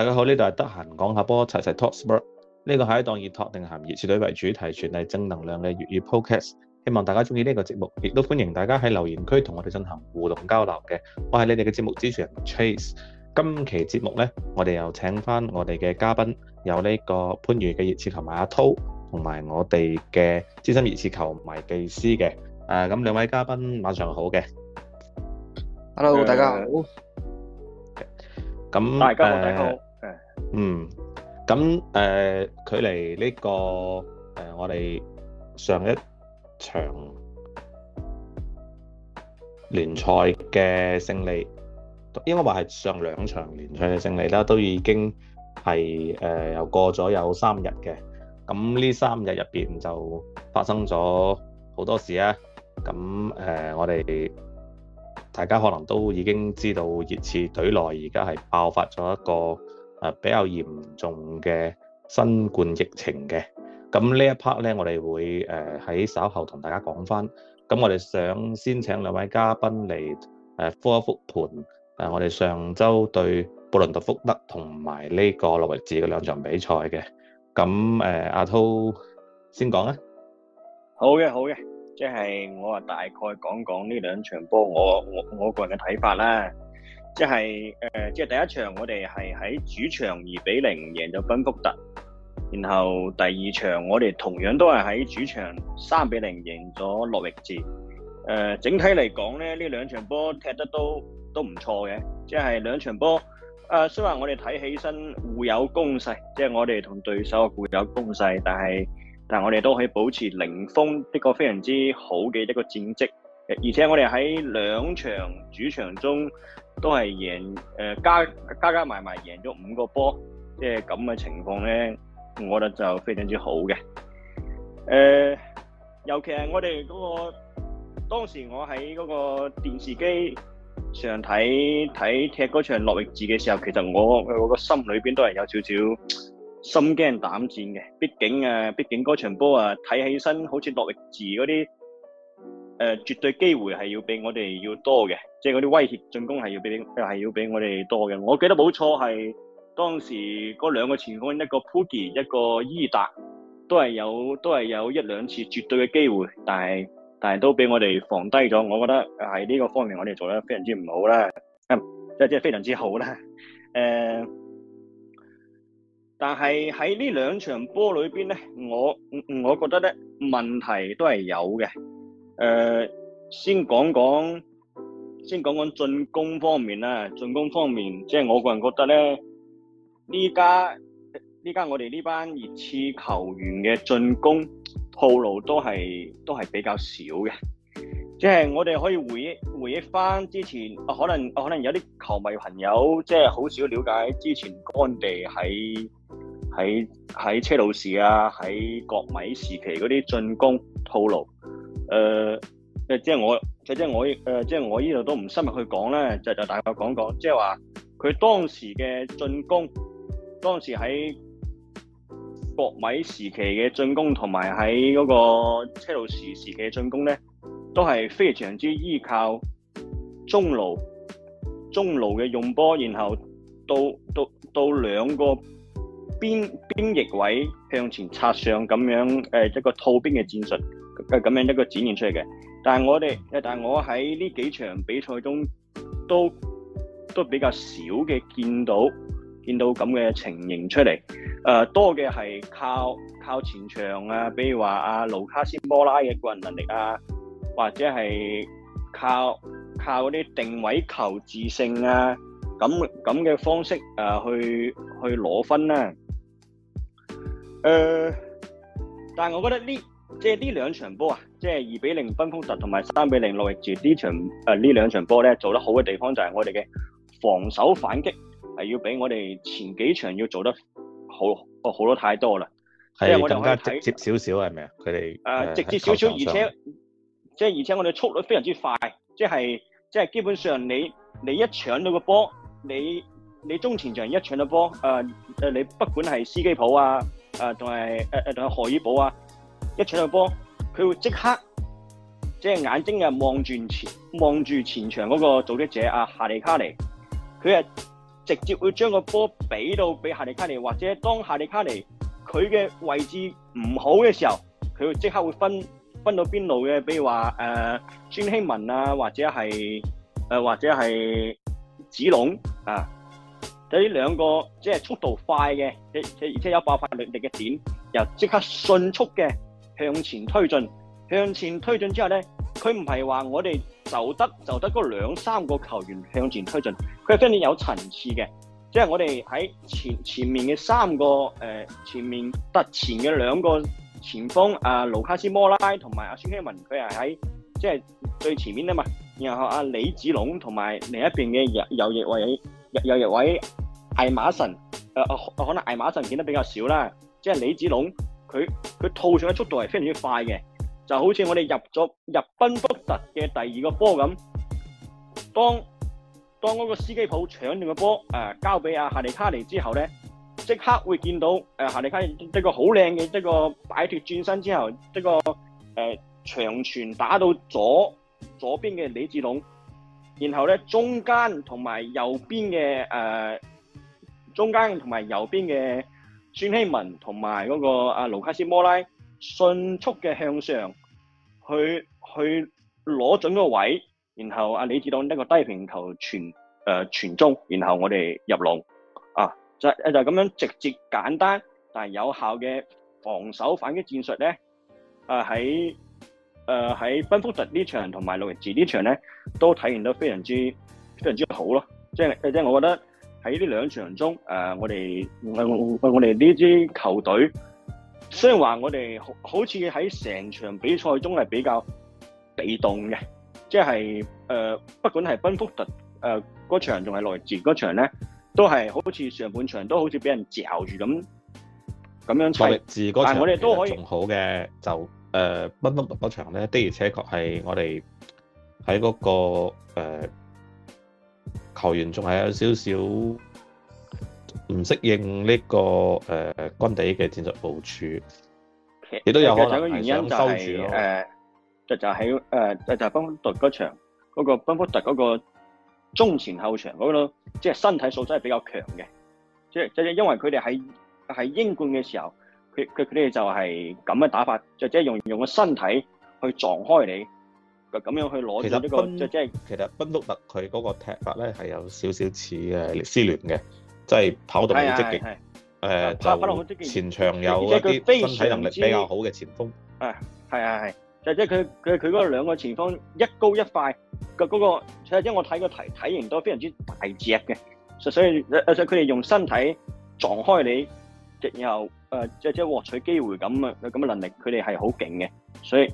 大家好，呢度係得閒講下波齊齊 Talk Spurs，呢個係一檔以托定咸熱刺隊為主題，傳遞正能量嘅粵語 Podcast。希望大家鍾意呢個節目，亦都歡迎大家喺留言區同我哋進行互動交流的。我係你哋嘅節目主持人 Chase。今期節目呢，我哋又請返我哋嘅嘉賓，有呢個番禺嘅熱刺球迷阿濤，同埋我哋嘅資深熱刺球迷的技師嘅。誒、啊，咁兩位嘉賓晚上好嘅。Hello，、uh, 大家好。那 Hi, 大家好。Uh, 嗯，咁誒、呃，距離呢、這個誒、呃，我哋上一場聯賽嘅勝利，應該話係上兩場聯賽嘅勝利啦，都已經係誒又過咗有三日嘅。咁呢三日入邊就發生咗好多事啊。咁、呃、我哋大家可能都已經知道熱刺隊內而家係爆發咗一個，啊，比較嚴重嘅新冠疫情嘅，咁呢一 part 咧，我哋會誒喺稍後同大家講返。咁我哋想先請兩位嘉賓嚟誒復一復盤誒我哋上週對布倫特福德同埋呢個洛維治嘅兩場比賽嘅。咁誒，阿、啊、濤先講啦。好嘅，好嘅，即係我啊，大概講講呢兩場波，我我我個人嘅睇法啦。即係誒、呃，即係第一場我哋係喺主場二比零贏咗芬福特，然後第二場我哋同樣都係喺主場三比零贏咗諾域治。誒、呃，整體嚟講咧，呢兩場波踢得都都唔錯嘅。即係兩場波誒、呃，雖然我哋睇起身互有攻勢，即、就、係、是、我哋同對手互有攻勢，但係但係我哋都可以保持零封，一個非常之好嘅一個戰績。而且我哋喺兩場主場中，都係贏誒、呃、加加加埋埋贏咗五個波，即係咁嘅情況咧，我覺得就非常之好嘅。誒、呃，尤其係我哋嗰、嗰個當時我喺嗰個電視機上睇睇踢嗰場諾域治嘅時候，其實我我個心裏邊都係有少少心驚膽戰嘅。畢竟啊，畢竟嗰場波啊，睇起身好似諾域治嗰啲。誒、呃，絕對機會係要比我哋要多嘅，即係嗰啲威脅進攻係要比係要比我哋多嘅。我記得冇錯係當時嗰兩個前鋒，一個 p u g 一個伊、e、達，都係有都係有一兩次絕對嘅機會，但係但係都俾我哋防低咗。我覺得喺呢個方面我哋做得非常之唔好啦，即係即係非常之好啦。誒、呃，但係喺呢兩場波裏邊咧，我我覺得咧問題都係有嘅。誒、呃，先講講先講講進攻方面啦。進攻方面，即係我個人覺得咧，呢家呢家我哋呢班熱刺球員嘅進攻套路都係都係比較少嘅。即係我哋可以回憶回憶翻之前，啊、可能可能有啲球迷朋友即係好少了解之前干地喺喺喺車路士啊，喺國米時期嗰啲進攻套路。誒、呃，即係我，即係我，誒，即係我呢度都唔深入去講咧，就就大概講講，即係話佢當時嘅進攻，當時喺國米時期嘅進攻，同埋喺嗰個車路士時期嘅進攻咧，都係非常之依靠中路，中路嘅用波，然後到到到兩個邊邊翼位向前插上咁樣，誒，一個套邊嘅戰術。係咁樣一個展現出嚟嘅，但係我哋，但係我喺呢幾場比賽中都都比較少嘅見到見到咁嘅情形出嚟，誒、呃，多嘅係靠靠前場啊，比如話阿盧卡斯摩拉嘅個人能力啊，或者係靠靠啲定位球致勝啊，咁咁嘅方式誒、啊、去去攞分啦、啊，誒、呃，但係我覺得呢？即係呢兩場波啊，即係二比零崩風特同埋三比零諾域治呢場，誒呢兩場波咧，做得好嘅地方就係我哋嘅防守反擊係要比我哋前幾場要做得好好咗太多啦，係是更加直接少少係咪啊？佢哋誒直接少少，而且即係而且我哋速率非常之快，即係即係基本上你你一搶到個波，你你中前場一搶到波誒誒，你不管係司基普啊誒，同埋誒誒同係何爾保啊。一搶到波，佢會即刻、即係、眼睛又望住前望住前場嗰個組織者阿夏利卡尼，佢啊直接會將個波俾到俾夏利卡尼，或者當夏利卡尼佢嘅位置唔好嘅時候，佢會即刻會分分到邊路嘅，比如話誒孫興文、啊、或者係、呃、或者係子龍、啊、這呢兩個係、即係、速度快嘅，而且有爆發力力嘅點，又即刻迅速嘅。向前推進，向前推進之後咧，佢唔係話我哋就得就得嗰兩三個球員向前推進，佢非常有層次嘅，即係我哋喺前前面嘅三個誒，前面突、呃、前嘅兩個前鋒啊，盧卡斯摩拉同埋阿孫希文，佢係喺即係最前面啊嘛，然後阿、啊、李子龍同埋另一邊嘅右右翼位右右翼位艾馬臣，誒、呃、可能艾馬臣見得比較少啦，即係李子龍。佢佢套上嘅速度係非常之快嘅，就好似我哋入咗入賓福特嘅第二個波咁。當當嗰個斯基普搶斷個波，誒、呃、交俾阿哈利卡尼之後咧，即刻會見到誒、呃、哈利卡尼呢個好靚嘅呢個擺脫轉身之後呢、這個誒、呃、長傳打到咗左邊嘅李志龍，然後咧中間同埋右邊嘅誒中間同埋右邊嘅。孫希文同埋嗰個阿盧卡斯摩拉迅速嘅向上去，去去攞準個位，然後阿李志棟呢個低平球傳誒傳中，然後我哋入籠啊，就、就咁樣直接簡單但係有效嘅防守反擊戰術咧，啊喺誒喺賓福特呢場同埋諾域治呢場咧，都體現得非常之非常之好咯，即即係我覺得。喺呢啲兩場中，誒我哋我我我哋呢支球隊，雖然話我哋好似喺成場比賽中係比較被動嘅，即係誒、呃，不管係賓福特誒嗰、呃、場，仲係羅歷治嗰場咧，都係好似上半場都好似俾人嚼住咁，咁樣。羅歷治嗰場，但係我哋都可以仲好嘅，就誒賓福特嗰場咧，的而且確係我哋喺嗰個、呃球員仲係有少少唔適應呢、這個誒、呃、干地嘅戰術部署，亦都有可能原因就係、是、誒、呃、就是呃、就喺、是、誒、呃、就是呃、就係賓福特嗰場嗰個賓福特嗰個中前後場嗰、那個，即、就、係、是、身體素質係比較強嘅，即係即係因為佢哋喺喺英冠嘅時候，佢佢佢哋就係咁嘅打法，就即、是、係用用個身體去撞開你。咁樣去攞呢個，即係其實賓福、就是、特佢嗰個踢法咧係有少少似誒列斯聯嘅，即、就、係、是、跑動好積極，跑動好積極前場有一啲身體能力比較好嘅前鋒。啊，係啊係，就即係佢佢佢嗰兩個前鋒一高一快，個嗰個即係因為我睇個體,體型都非常之大隻嘅，所以佢哋、呃、用身體撞開你，然後誒即係即獲取機會咁嘅咁嘅能力，佢哋係好勁嘅，所以。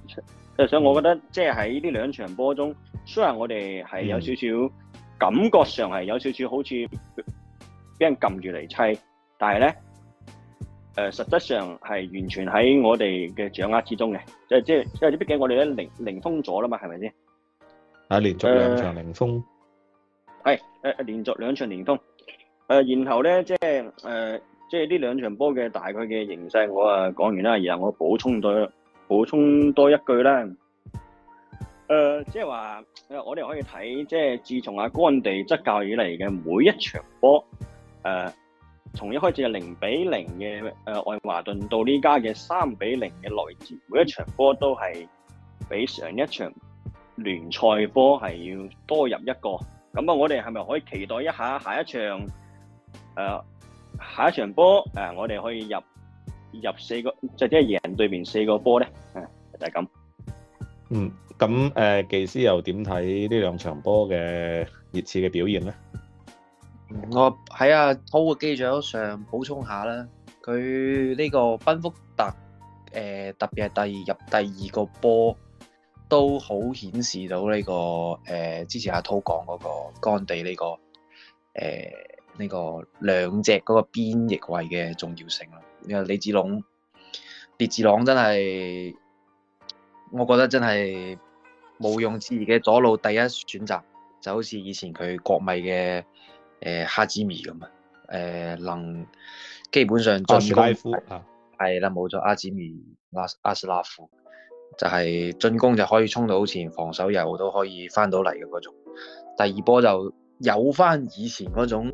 所以我覺得即係喺呢兩場波中，雖然我哋係有少少感覺上係有少少好似俾人撳住嚟砌，但係咧誒，實質上係完全喺我哋嘅掌握之中嘅。即係即係，因為畢竟我哋都零零封咗啦嘛，係咪先？係連續兩場零封。係誒，連續兩場零封。誒、呃呃呃，然後咧，即係誒、呃，即係呢兩場波嘅大概嘅形勢，我啊講完啦，然後我補充咗。補充多一句啦，誒、呃就是，即係話，我哋可以睇，即係自從阿干地執教以嚟嘅每一場波，誒、呃，從一開始嘅零比零嘅誒愛華頓到呢家嘅三比零嘅萊治，每一場波都係比上一場聯賽波係要多入一個。咁啊，我哋係咪可以期待一下下一場誒、呃，下一場波誒、呃，我哋可以入入四個，即即係贏對面四個波咧，就係、是、咁。嗯，咁誒技師又點睇呢兩場波嘅熱刺嘅表現咧？我喺阿濤嘅記者上補充下啦，佢呢個賓福特誒、呃、特別係第入第二個波都好顯示到呢、呢個誒之前阿濤講嗰個乾地呢、呢個誒呢、呃呢個兩隻嗰個邊翼位嘅重要性啦。李治隆，列治朗真係，我覺得真係毋庸置疑嘅左路第一選擇，就好似以前佢國米嘅誒、呃、哈子咪咁啊，誒、呃、能基本上進攻係啦，冇咗阿子咪拉阿斯拉夫，就係、是、進攻就可以衝到好前，防守又都可以翻到嚟嘅嗰種。第二波就有翻以前嗰種。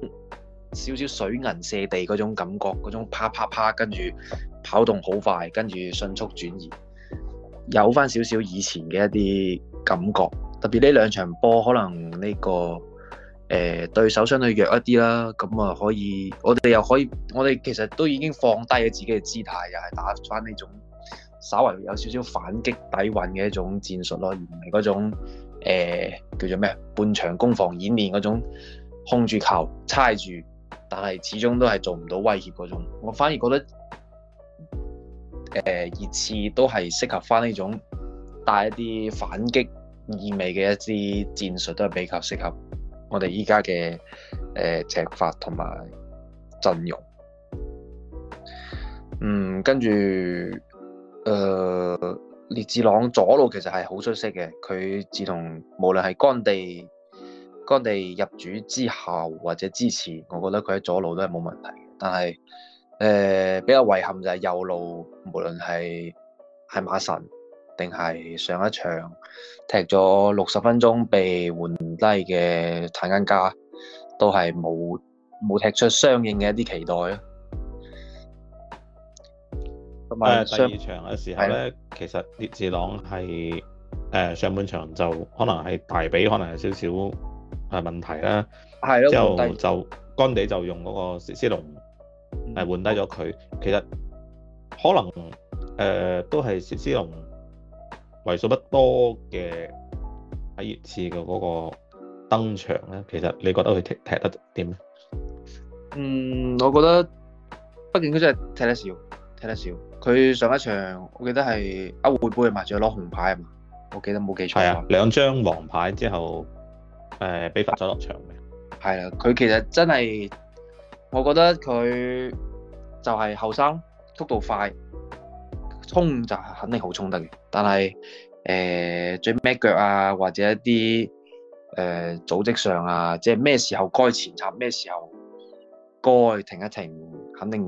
少少水銀瀉地嗰種感覺，嗰種啪啪啪，跟住跑動好快，跟住迅速轉移，有返少少以前嘅一啲感覺。特別呢兩場波，可能呢、呢個誒、呃、對手相對弱一啲啦，咁啊可以，我哋又可以，我哋其實都已經放低咗自己嘅姿態，又係打返呢種稍為有少少反擊底蘊嘅一種戰術咯，而唔係嗰種、呃、叫做咩半場攻防演練嗰種控住球猜住。但係始終都係做唔到威脅嗰種，我反而覺得，誒、呃、熱刺都係適合翻呢種帶一啲反擊意味嘅一支戰術，都係比較適合我哋依家嘅誒踢法同埋陣容。嗯，跟住誒、呃、列治朗左路其實係好出色嘅，佢自從無論係乾地，干地入主之後或者之前，我覺得佢喺左路都係冇問題嘅。但係誒、呃、比較遺憾就係右路，無論係係馬神定係上一場踢咗六十分鐘被換低嘅坦根加，都係冇冇踢出相應嘅一啲期待咯。誒第二場嘅時候咧，的其實列治朗係誒上半場就可能係大髀，可能有少少。係問題啦、啊，之後就乾地就用嗰個斯斯隆，誒換低咗佢。其實可能誒、呃、都係斯斯隆為數不多嘅喺熱刺嘅嗰個登場咧。其實你覺得佢踢踢得點咧？嗯，我覺得畢竟佢真係踢得少，踢得少。佢上一場我記得係歐會杯啊嘛，仲要攞紅牌啊嘛，我記得冇記,記錯。係啊，兩張黃牌之後。誒俾罰咗落場嘅，係啦，佢其實真係，我覺得佢就係後生，速度快，衝就肯定好衝得嘅。但係誒最咩腳啊，或者一啲誒、呃、組織上啊，即係咩時候該前插，咩時候該停一停，肯定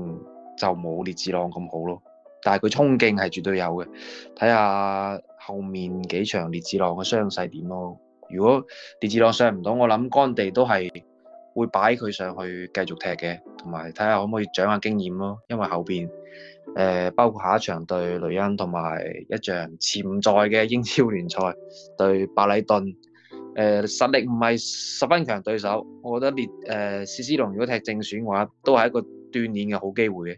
就冇列志朗咁好咯。但係佢衝勁係絕對有嘅，睇下後面幾場列志朗嘅傷勢點咯。如果列治洛上唔到，我諗干地都係會擺佢上去繼續踢嘅，同埋睇下可唔可以長下經驗咯。因為後邊誒、呃，包括下一場對雷恩，同埋一場潛在嘅英超聯賽對白禮頓，誒、呃、實力唔係十分強對手。我覺得列誒，斯斯隆如果踢正選嘅話，都係一個鍛煉嘅好機會嘅，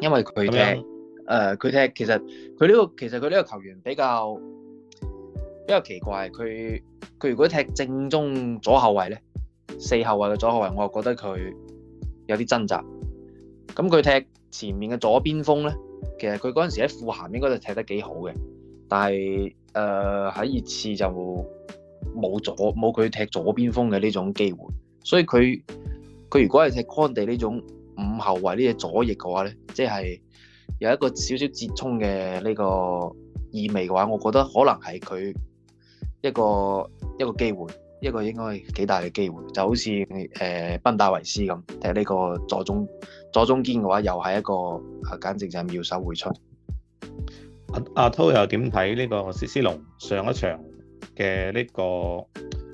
因為佢踢誒，佢樣、呃、踢其實佢呢、這個其實佢呢個球員比較。比較奇怪，佢佢如果踢正中左後衞咧，四後衞嘅左後衞，我又覺得佢有啲掙扎。咁佢踢前面嘅左邊鋒咧，其實佢嗰陣時喺副鹹應該就踢得幾好嘅，但係誒喺熱刺就冇左冇佢踢左邊鋒嘅呢種機會。所以佢佢如果係踢干地呢種五後衞呢隻左翼嘅話咧，即係有一個少少節衝嘅呢個意味嘅話，我覺得可能係佢。一個一個機會，一個應該幾大嘅機會，就好似誒、呃、賓戴維斯咁踢呢個左中左中堅嘅話，又係一個啊，簡直就係妙手回春。阿濤、啊啊、又點睇呢個斯斯隆上一場嘅呢、這個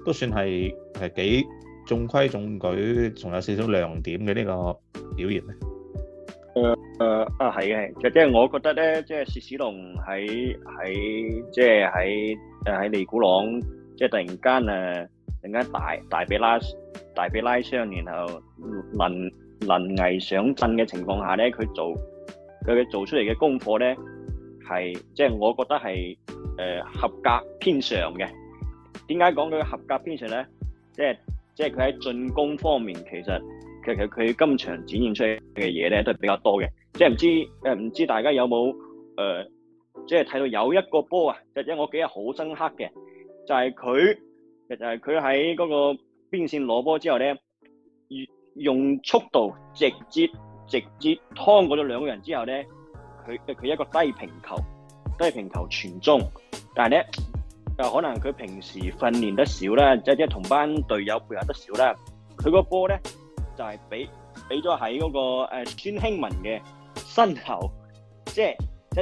都算係係幾中規中矩，仲有少少亮點嘅呢個表現咧？嗯誒啊係嘅，係、呃，就即係我覺得咧，即係薛史龍喺喺即係喺誒喺尼古朗，即係突然間誒，突然間大大被拉大被拉傷，然後能能危上陣嘅情況下咧，佢做佢嘅做出嚟嘅功課咧，係即係我覺得係誒、呃、合格偏常嘅。點解講佢合格偏常咧？即係即係佢喺進攻方面，其實其實佢今場展現出嘅嘢咧，都係比較多嘅。即係唔知誒，唔知大家有冇誒，即係睇到有一個波啊，即係我記得好深刻嘅，就係佢，就係佢喺嗰個邊線攞波之後咧，用速度直接直接趟過咗兩個人之後咧，佢佢一個低平球，低平球傳中，但係咧就可能佢平時訓練得少啦，即係同班隊友配合得少啦，佢個波咧就係俾俾咗喺嗰個誒孫興文嘅。身後，即係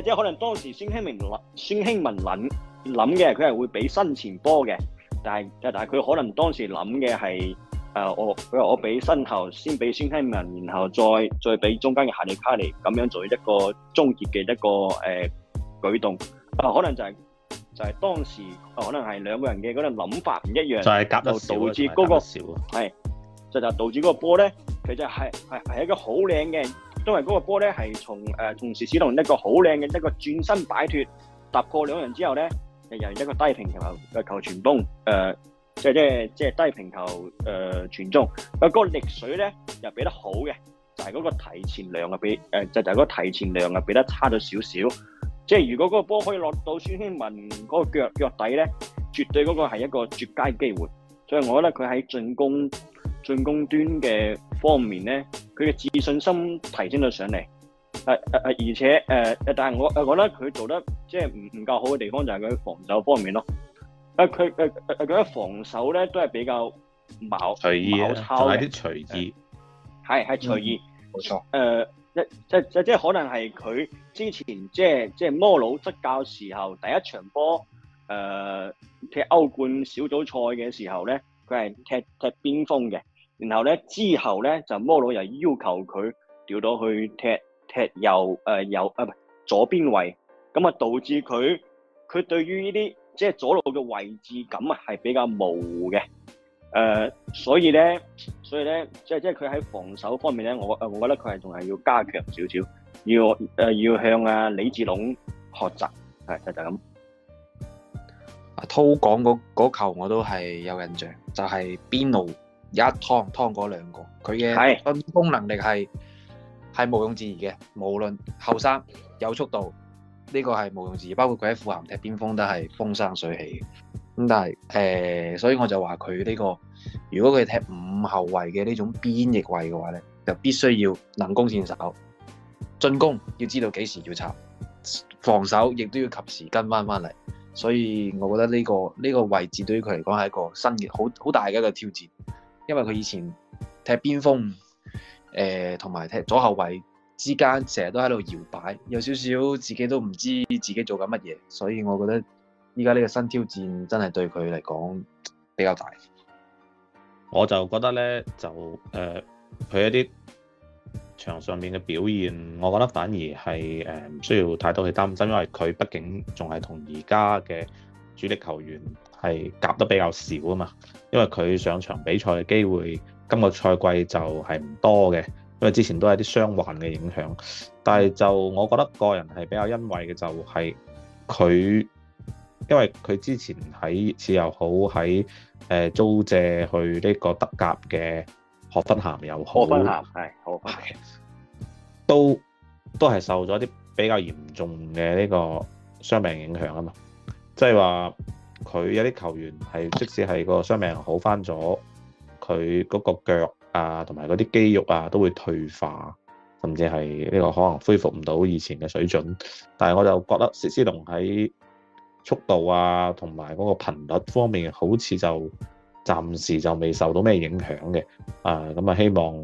即係，可能當時孫興民諗孫興民諗諗嘅，佢係會俾身前波嘅，但係但係佢可能當時諗嘅係誒，呃、我佢話我俾身後先俾孫興文，然後再再俾中間嘅夏利卡嚟，咁樣做一個終結嘅一個誒、呃、舉動、呃，可能就係、是、就係、是、當時可能係兩個人嘅嗰個諗法唔一樣，就係夾得少，導致嗰個係，就就導致嗰、那個就是、個波咧，其實係係係一個好靚嘅。因為嗰個波咧，係、呃、從同時史東一個好靚嘅一個轉身擺脱，突破兩人之後咧，由一個低平球嘅球傳中，誒即係即係即係低平球誒傳、呃、中。啊，嗰個力水咧又俾得好嘅，就係、是、嗰個提前量啊俾誒，就係、是、嗰個提前量啊俾得差咗少少。即、就、係、是、如果嗰個波可以落到孫興文嗰個腳，腳底咧，絕對嗰個係一個絕佳嘅機會。所以我覺得佢喺進攻進攻端嘅方面咧。佢嘅自信心提升咗上嚟，誒誒誒，而且誒誒、啊，但係我我覺得佢做得即係唔唔夠好嘅地方就係佢防守方面咯。啊，佢誒誒佢嘅防守咧都係比較毛毛糙，係啲隨，、啊、隨意，係係、啊、隨意，冇、嗯、錯。誒、啊，即即即係可能係佢之前即係即係摩魯執教時候第一場波誒、呃、踢歐冠小組賽嘅時候咧，佢係踢踢邊鋒嘅。然後咧，之後咧就摩佬又要求佢調到去踢踢右誒、呃、右啊唔係左邊位，咁啊導致佢佢對於呢啲即係左路嘅位置感啊係比較模糊嘅誒、呃，所以咧所以咧即係即係佢喺防守方面咧我誒我覺得佢係仲係要加強少少，要誒、呃、要向阿、啊、李志龍學習係就就咁阿濤講嗰球我都係有印象，就係邊路。一趟趟過兩個，佢嘅進攻能力係係毋庸置疑嘅。無論後生有速度，呢、這個係毋庸置疑。包括佢喺富咸踢邊鋒都係風生水起嘅。咁但係誒、呃，所以我就話佢呢個，如果佢踢五後衞嘅呢種邊翼位嘅話咧，就必須要能攻善守，進攻要知道幾時要插，防守亦都要及時跟翻翻嚟。所以，我覺得呢、這個呢、這個位置對於佢嚟講係一個新嘅好好大嘅一個挑戰。因為佢以前踢邊鋒，誒同埋踢左後衛之間，成日都喺度搖擺，有少少自己都唔知自己做緊乜嘢，所以我覺得而家呢個新挑戰真係對佢嚟講比較大。我就覺得咧，就誒佢、呃、一啲場上面嘅表現，我覺得反而係誒唔需要太多去擔心，因為佢畢竟仲係同而家嘅主力球員。係夾得比較少啊嘛，因為佢上場比賽嘅機會，今個賽季就係唔多嘅，因為之前都係啲傷患嘅影響。但係就我覺得個人係比較欣慰嘅，就係佢，因為佢之前喺次又好喺誒、呃、租借去呢個德甲嘅霍芬咸又好，霍芬咸係好係，都都係受咗啲比較嚴重嘅呢個傷病影響啊嘛，即係話。佢有啲球員係即使係個傷病好返咗，佢嗰個腳啊同埋嗰啲肌肉啊都會退化，甚至係呢個可能恢復唔到以前嘅水準。但係我就覺得斯斯隆喺速度啊同埋嗰個頻率方面，好似就暫時就未受到咩影響嘅。啊，咁啊希望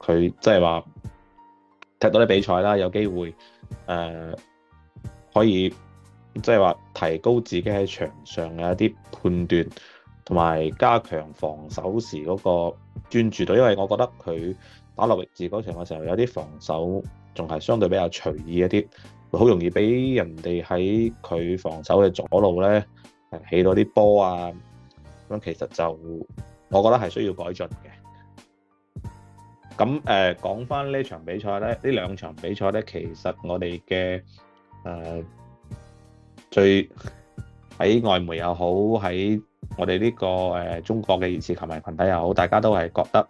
佢即係話踢到啲比賽啦，有機會誒、啊、可以。即係話提高自己喺場上嘅一啲判斷，同埋加強防守時嗰個專注度。因為我覺得佢打落域斯嗰場嘅時候，有啲防守仲係相對比較隨意一啲，好容易俾人哋喺佢防守嘅左路咧起到啲波啊。咁其實就我覺得係需要改進嘅。咁誒，講翻呢場比賽咧，呢兩場比賽咧，其實我哋嘅誒。呃最喺外媒又好，喺我哋呢個誒中國嘅熱刺球迷群體又好，大家都係覺得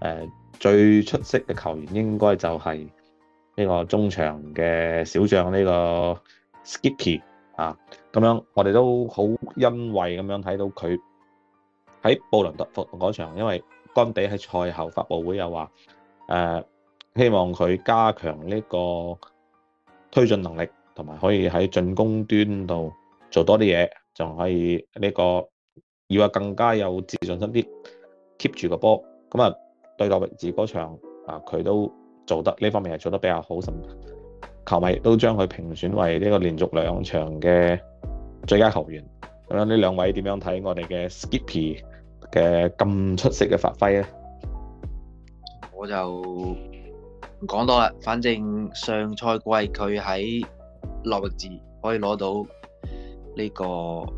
誒最出色嘅球員應該就係呢個中場嘅小將呢個 Skippy 啊！咁樣我哋都好欣慰咁樣睇到佢喺布倫特福德嗰場，因為干地喺賽後發布會又話誒希望佢加強呢個推進能力。同埋可以喺進攻端度做多啲嘢，仲可以呢個要啊更加有自信心啲，keep 住個波。咁啊對落位置嗰場啊，佢都做得呢方面係做得比較好，甚至球迷亦都將佢評選為呢個連續兩場嘅最佳球員。咁樣呢兩位點樣睇我哋嘅 Skippy 嘅咁出色嘅發揮咧？我就唔講多啦，反正上賽季佢喺諾域治可以攞到呢、這個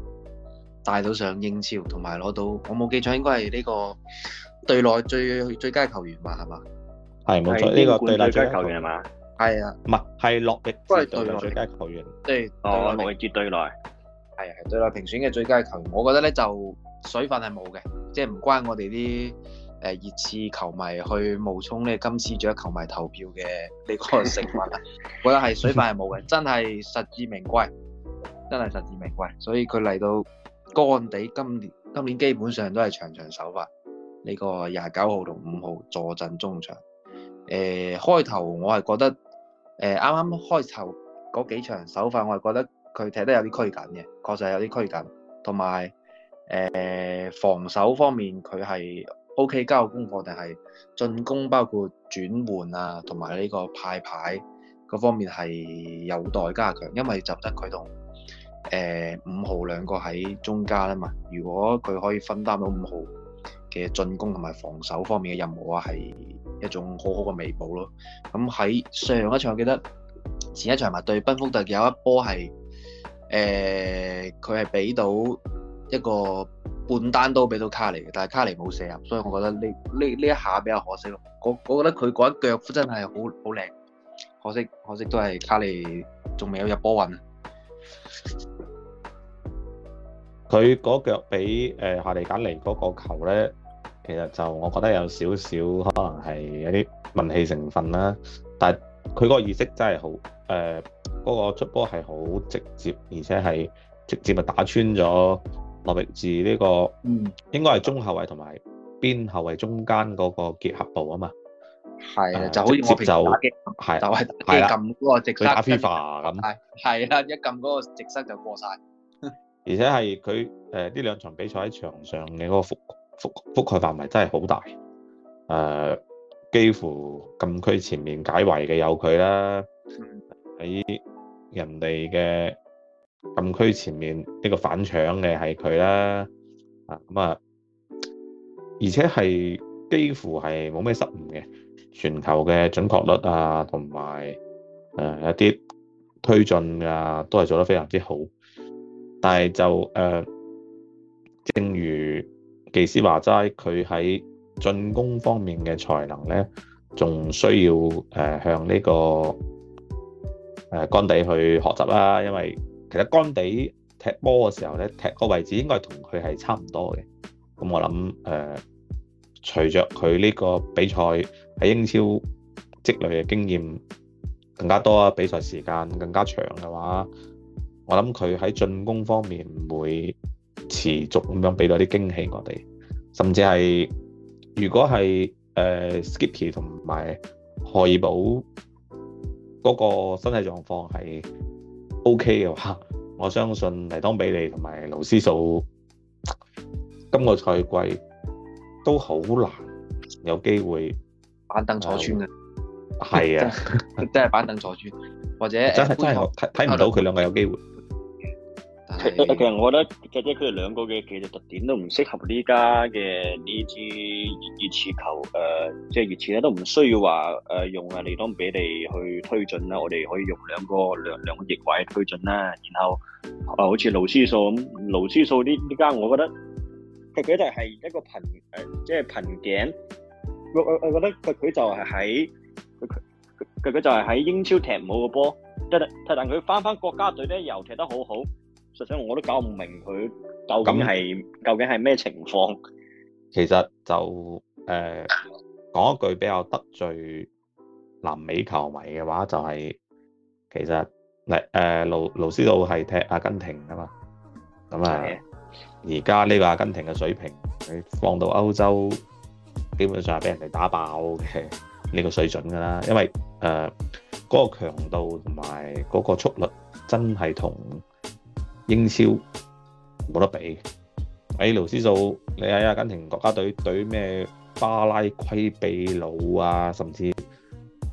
帶到上英超，同埋攞到我冇記錯應該係呢個隊內最最佳球員嘛係嘛？係冇錯呢個隊內最佳球員係嘛？係啊，唔係係諾域治隊內最佳球員，即係哦，係絕、啊、隊內，係係隊內評、啊、選嘅最佳球員，我覺得咧就水分係冇嘅，即係唔關我哋啲。誒熱刺球迷去冒充呢金絲雀球迷投票嘅呢個成分，我覺得係水分係冇嘅，真係實至名歸，真係實至名歸。所以佢嚟到干地今年，今年基本上都係場場首發呢個廿九號同五號坐鎮中場。誒、呃、開頭我係覺得誒啱啱開頭嗰幾場首發，我係覺得佢踢得有啲拘謹嘅，確實係有啲拘謹，同埋誒防守方面佢係。O.K. 交功課定係進攻，包括轉換啊，同埋呢個派牌嗰方面係有待加強。因為就得佢同誒五號兩個喺中間啊嘛。如果佢可以分擔到五號嘅進攻同埋防守方面嘅任務啊，係一種好好嘅彌補咯。咁喺上一場，我記得前一場咪對賓福特有一波係誒，佢係俾到一個。半單都俾到卡尼嘅，但係卡尼冇射入，所以我覺得呢呢呢一下比較可惜咯。我我覺得佢嗰一腳真係好好靚，可惜可惜都係卡尼仲未有入波運。佢嗰腳俾誒夏利簡尼嗰個球咧，其實就我覺得有少少可能係有啲運氣成分啦，但係佢嗰個意識真係好誒，嗰個出波係好直接，而且係直接啊打穿咗。羅域治呢個，應該係中後衛同埋邊後衛中間嗰個結合部啊嘛，係的、呃、就好直接就係的就係打機撳嗰個直塞，咁係啦，一撳嗰個直塞就過晒。 而且係佢誒呢兩場比賽喺場上嘅嗰個覆覆覆蓋範圍真係好大，誒、呃，幾乎禁區前面解圍嘅有佢啦，喺、嗯、人哋嘅。禁區前面呢個反搶嘅係佢啦，啊咁啊，而且係幾乎係冇咩失誤嘅，全球嘅準確率啊，同埋誒一啲推進啊，都係做得非常之好。但係就，啊，正如技師話齋，佢喺進攻方面嘅才能呢，仲需要向呢個誒干地去學習啦，啊，因為。其實乾地踢波嘅時候呢，踢個位置應該係同佢係差唔多嘅。咁我諗誒，隨著佢呢個比賽喺英超積累嘅經驗更加多，比賽時間更加長嘅話，我諗佢喺進攻方面會持續咁樣俾到一啲驚喜我哋。甚至係如果係、呃、Skippy 同埋何爾保嗰個身體狀況係。O.K. 嘅話，我相信黎當比利同埋盧思數，今、這個賽季都好難有機會板凳坐穿啊！係啊，真係板凳坐穿，或者 呃、真係真係我睇唔到佢兩個有機會。是其實我覺得，或者佢哋兩個嘅技術特點都唔適合呢家嘅呢支熱熱刺球，誒、呃，即係熱刺咧都唔需要話誒用啊利多比哋去推進啦，我哋可以用兩個兩兩個翼位推進啦，然後啊、呃，好似勞斯素咁，勞斯素呢呢家我覺得佢佢就係一個瓶、誒、即係瓶頸，我、呃、我、就是、我覺得佢佢就係喺佢佢佢佢就係喺英超踢唔好個波，但但但佢翻翻國家隊咧又踢得好好。實際上我都搞唔明佢究竟係究竟係咩情況。其實就誒講一句比較得罪南美球迷嘅話，就係其實嗱誒盧盧斯道係踢阿根廷啊嘛。咁啊，而家呢個阿根廷嘅水平，你放到歐洲，基本上係俾人哋打爆嘅呢個水準㗎啦。因為誒嗰個強度同埋嗰個速率真係同英超冇得比，誒盧斯素你喺阿根廷國家隊對咩巴拉圭、秘魯啊，甚至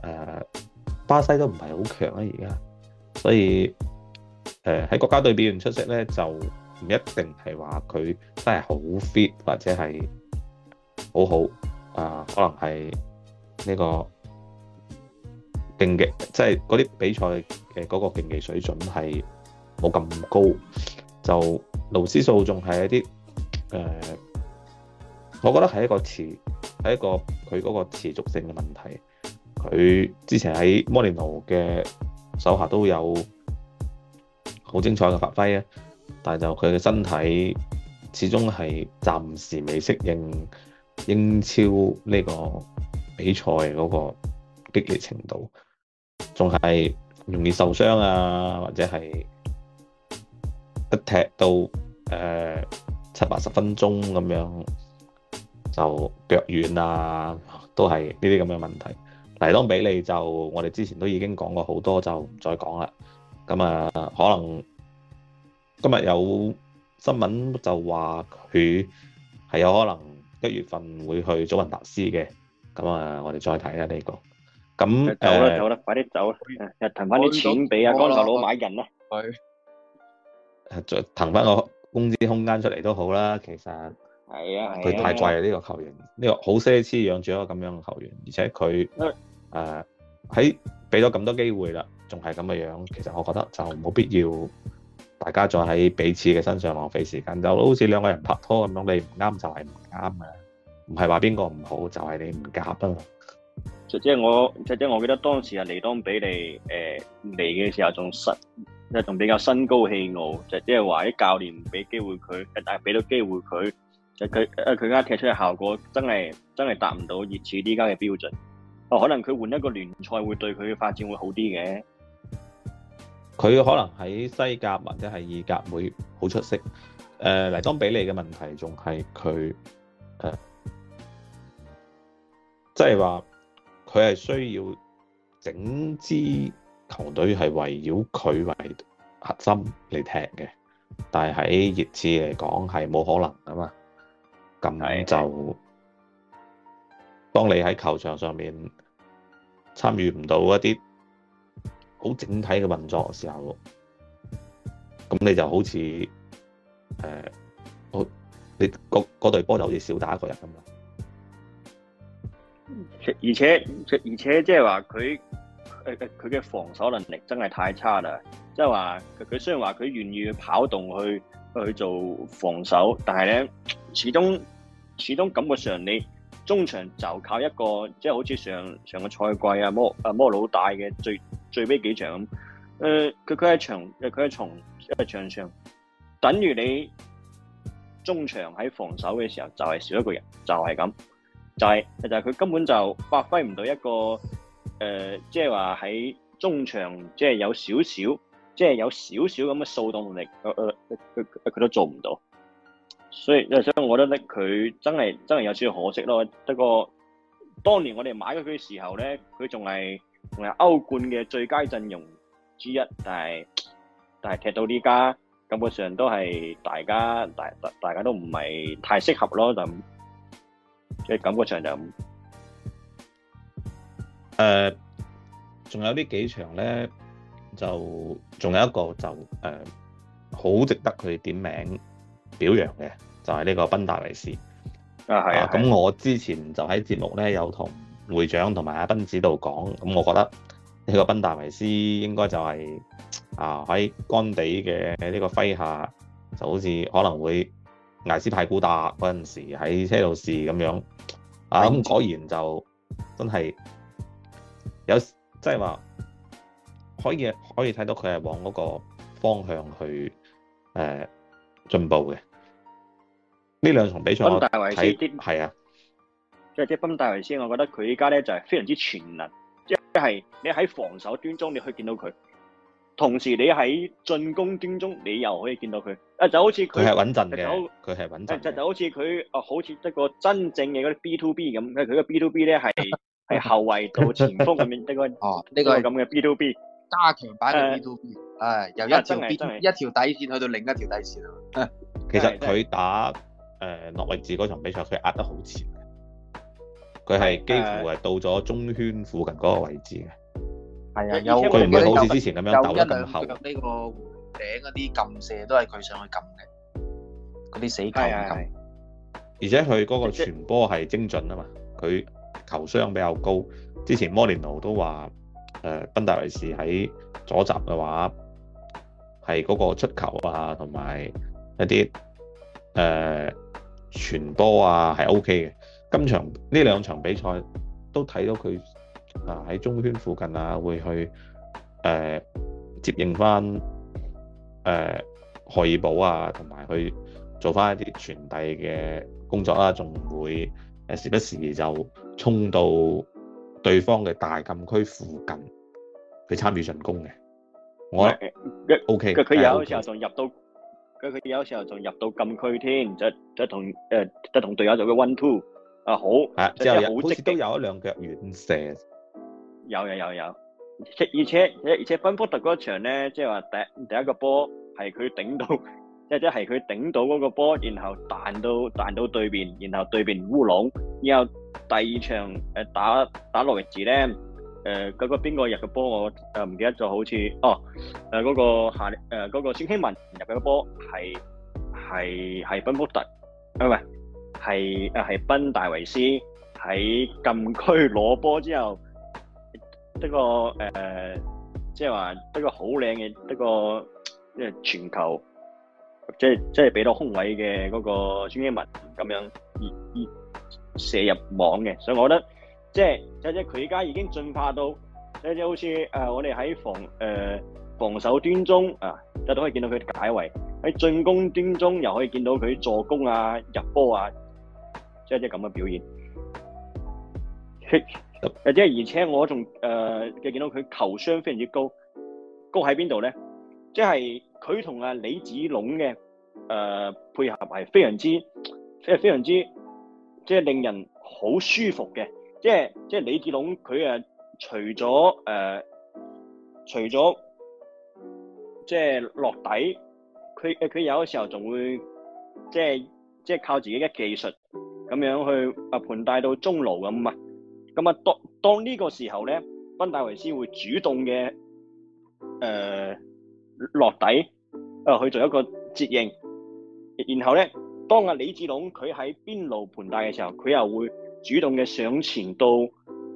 誒巴西都唔係好強啊，而家，所以誒喺國家隊表現出色呢，就唔一定係話佢真係好 fit 或者係好好啊，可能係呢個競技即係嗰啲比賽嘅嗰個競技水準係。冇咁高，就勞斯數仲係一啲、呃、我覺得係一個持，係一個佢嗰個持續性嘅問題。佢之前喺摩連奴嘅手下都有好精彩嘅發揮啊，但就佢嘅身體始終係暫時未適應英超呢個比賽嗰個激烈程度，仲係容易受傷啊，或者係。一踢到誒七八十分鐘咁樣，就腳軟啊，都係呢啲咁嘅問題。黎當比利就我哋之前都已經講過好多，就唔再講啦。咁啊，可能今日有新聞就話佢係有可能一月份會去祖雲達斯嘅。咁啊，我哋再睇下呢個。咁走啦走啦，快啲走！日騰翻啲錢俾阿光頭佬買人啦。誒，再騰翻個工資空間出嚟都好啦，其實係啊，佢太貴啦呢個球員，呢、啊啊啊呢個好奢侈，養住一個咁樣嘅球員，而且佢誒喺俾咗咁多機會啦，仲係咁嘅樣，其實我覺得就冇必要大家再喺彼此嘅身上浪費時間，就好似兩個人拍拖咁樣，你唔啱就係唔啱嘅，唔係話邊個唔好，就係、是、你唔夾啊。即係我，即、就、係、是、我記得當時阿尼當比利誒嚟嘅時候，仲身即係仲比較心高氣傲，就即係話啲教練唔俾機會佢，但係俾到機會佢，就佢誒佢而家踢出嘅效果真係真係達唔到熱刺呢家嘅標準。哦、呃，可能佢換一個聯賽會對佢嘅發展會好啲嘅。佢可能喺西甲或者係意甲會好出色。誒、呃，尼當比利嘅問題仲係佢誒，即係話。就是佢係需要整支球隊係圍繞佢為核心嚟踢嘅，但係喺熱刺嚟講係冇可能㗎嘛，咁就當你喺球場上面參與唔到一啲好整體嘅運作嘅時候，咁你就好似、呃、你嗰嗰隊波就好似少打一個人咁樣。而且而且即係話佢誒，佢佢嘅防守能力真係太差啦！即係話佢雖然話佢願意去跑動去去做防守，但係咧始終始終感覺上你中場就靠一個即係、就是、好似上上個賽季啊摩啊摩老大嘅最最尾幾場咁誒佢佢喺場佢喺從場上，上，上等於你中場喺防守嘅時候就係少一個人就係咁。就係，就係佢根本就發揮唔到一個誒，即係話喺中場，即係有少少，即係有少少咁嘅掃動能力，佢佢佢佢都做唔到。所以，所以，我覺得咧，佢真係真係有少少可惜咯。不過，當年我哋買咗佢嘅時候咧，佢仲係仲係歐冠嘅最佳陣容之一，但係但係踢到呢家，根本上都係大家大大大家都唔係太適合咯，就。即感覺上就呃仲有呢幾場呢，就仲有一個就呃好值得佢點名表揚嘅，就係、是、呢個賓達維斯啊係啊。咁、啊啊、我之前就喺節目呢，有同會長同埋阿斌指導講，咁我覺得呢個賓達維斯應該就係、是、啊喺干地嘅呢個麾下，就好似可能會。艾斯派古達嗰陣時喺車路士咁樣，啊咁果然就真係有即係話可以可以睇到佢係往嗰個方向去誒、呃、進步嘅。呢兩場比賽我睇，係啊，即係啲奔大維斯，我覺得佢依家咧就係非常之全能，即係，即係，你喺防守端中，你可以見到佢。同時，你喺進攻端中，你又可以見到佢啊！就好似佢係穩陣嘅，佢係穩陣。就好似佢哦，好似一個真正嘅嗰啲 B to B 咁，因為佢嘅 B to B 咧係係後衞到前鋒咁樣一個哦，呢個係咁嘅 B to B 加強版嘅 B to B，係、啊哎、由一條 B、啊、一條底線去到另一條底線啊。其實佢打誒的、呃、諾維茨嗰場比賽，佢壓得好前，佢係幾乎係到咗中圈附近嗰個位置嘅。係啊，有佢唔會好似之前咁樣抖得咁厚。呢個頂嗰啲撳射都係佢上去撳嘅，嗰啲死球、啊。而且佢嗰個傳波係精準啊嘛，佢球商比較高。之前摩連奴都、呃、話，誒，賓達維士喺左閘嘅話，係嗰個出球啊，同埋一啲誒、呃、傳波啊，係 O K 嘅。今場呢兩場比賽都睇到佢。啊！喺中圈附近啊，會去誒、呃、接應翻誒荷爾堡啊，同埋去做翻一啲傳遞嘅工作啊。仲會誒時不時就衝到對方嘅大禁區附近去參與進攻嘅。我 O K，佢佢有時候仲入到，佢佢有時候仲入到禁區添，就就同誒、呃、就同隊友做個 one two 啊，好，即係、啊、好積極，好似都有一兩腳遠射。有有有有，而且而且而且，賓福特嗰場咧，即係話第第一個波係佢頂到，即係即係佢頂到嗰個波，然後彈到彈到對面，然後對面烏龍。然後第二場誒打打落嚟時呢，誒嗰個邊個入嘅波我誒唔記得咗，好似哦誒嗰、呃嗰個夏誒嗰個孫興文入嘅波係係係賓福特，唔係係誒係賓大維斯喺禁區攞波之後。一個誒，即、呃就是、一個好靚嘅一個誒傳球，即係即係俾到空位嘅嗰個孫興慜咁樣射入網嘅，所以我覺得即係即佢而家已經進化到即係好似、呃、我哋喺防,、呃、防守端中啊，都都可以見到佢解圍喺進攻端中又可以見到佢助攻啊、入波啊，即係即係咁嘅表現。而且我仲誒嘅見到佢球商非常之高，高喺邊度咧？即係佢同阿李子龍嘅誒配合係非常之即係非常之即係、即係，令人好舒服嘅。即係即係李子龍佢誒除咗誒、呃、除咗即係落底，佢誒佢有嘅時候仲會即係即係靠自己嘅技術咁樣去誒盤帶到中路咁啊！咁啊，當當呢個時候咧，賓戴維斯會主動嘅誒、呃、落底，誒、呃、去做一個接應。然後咧，當阿李志龍佢喺邊路盤帶嘅時候，佢又會主動嘅上前到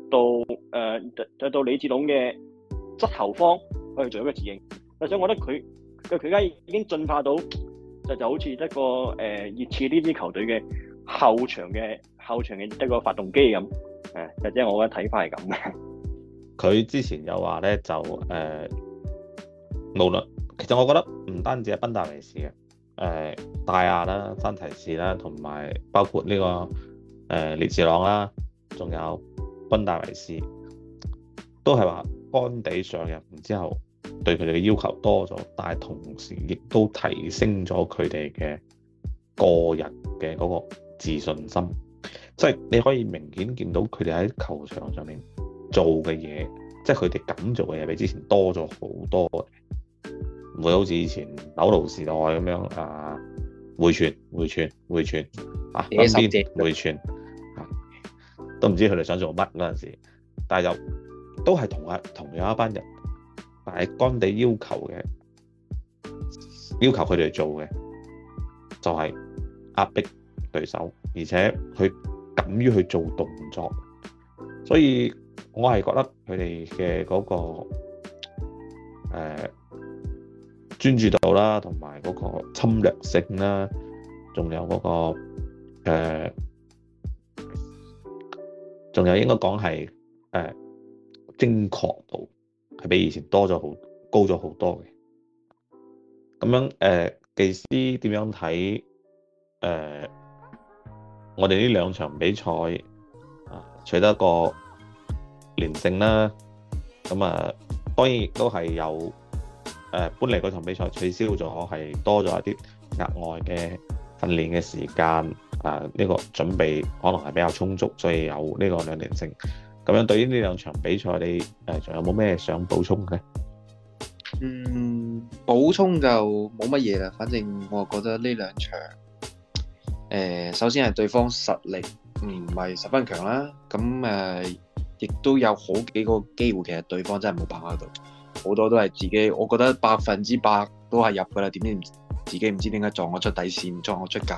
到誒到、呃、到李志龍嘅側後方去做一個接應。所以我覺得佢佢而家已經進化到就就好似一個誒熱刺呢支球隊嘅後場嘅後場嘅一個發動機咁。誒，即係、啊、我嘅睇法係咁嘅。佢之前有話呢，就無論、呃、其實我覺得唔單止係賓大維斯嘅，大亞啦、山提士啦，同埋包括呢、這個誒列治朗啦，仲有賓大維斯，都係話乾地上任，然之後對佢哋嘅要求多咗，但係同時亦都提升咗佢哋嘅個人嘅嗰個自信心。即係你可以明顯見到佢哋喺球場上面做嘅嘢，即係佢哋敢做嘅嘢比之前多咗好多，唔會好似以前紐奴時代咁樣啊，回傳回傳回傳啊，啱先回傳，都唔知佢哋想做乜嗰陣時，但係又都係同一同樣一班人，但係干地要求嘅要求佢哋做嘅就係、是、壓迫對手。而且佢敢於去做動作，所以我係覺得佢哋嘅嗰個呃專注度啦，同埋嗰個侵略性啦，仲有嗰個呃仲有應該講係呃精確度，係比以前多咗好高咗好多嘅。咁樣呃技師，點樣睇呃我哋呢兩場比賽啊，取得一個連勝啦，咁啊，當然亦都係有誒、呃，搬嚟嗰場比賽取消咗，係多咗一啲額外嘅訓練嘅時間啊，呢、這個準備可能係比較充足，所以有呢個兩連勝。咁樣對於呢兩場比賽，你誒，仲有冇咩想補充嘅？嗯，補充就冇乜嘢啦，反正我覺得呢兩場。誒、呃，首先係對方實力唔係、嗯、十分強啦，咁誒亦都有好幾個機會，其實對方真係冇把握到，好多都係自己，我覺得百分之百都係入噶啦，點知不自己唔知點解撞我出底線，撞我出界，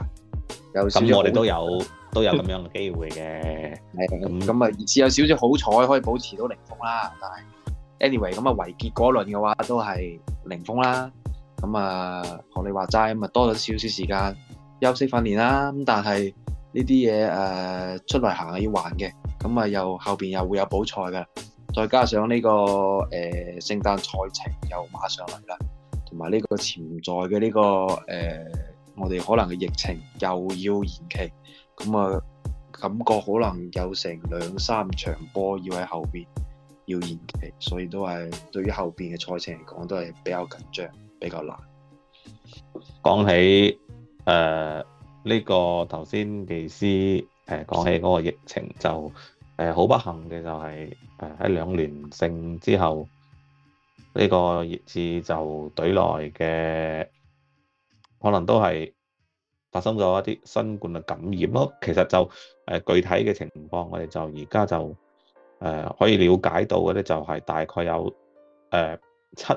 有少少。咁我哋都有 都有咁樣嘅機會嘅，咁咁啊，嗯、而只有少少好彩可以保持到零封啦，但係 anyway 咁啊，唯結果論嘅話都係零封啦，咁啊學你話齋咁啊，多咗少少時間。休息訓練啦，咁但係呢啲嘢誒出嚟行下要還嘅，咁啊又後邊又會有補賽嘅，再加上呢、呢個誒、呃、聖誕賽程又馬上嚟啦，同埋呢個潛在嘅呢、呢個誒、呃、我哋可能嘅疫情又要延期，咁啊感覺可能有成兩三場波要喺後邊要延期，所以都係對於後邊嘅賽程嚟講都係比較緊張，比較難。講起～誒呢、呃這個頭先技師誒講起嗰個疫情，就誒好不幸嘅就係誒喺兩連勝之後，呢個熱刺就隊內嘅可能都係發生咗一啲新冠嘅感染咯。其實就誒具體嘅情況，我哋就而家就誒、呃、可以了解到嘅咧，就係大概有誒、呃、七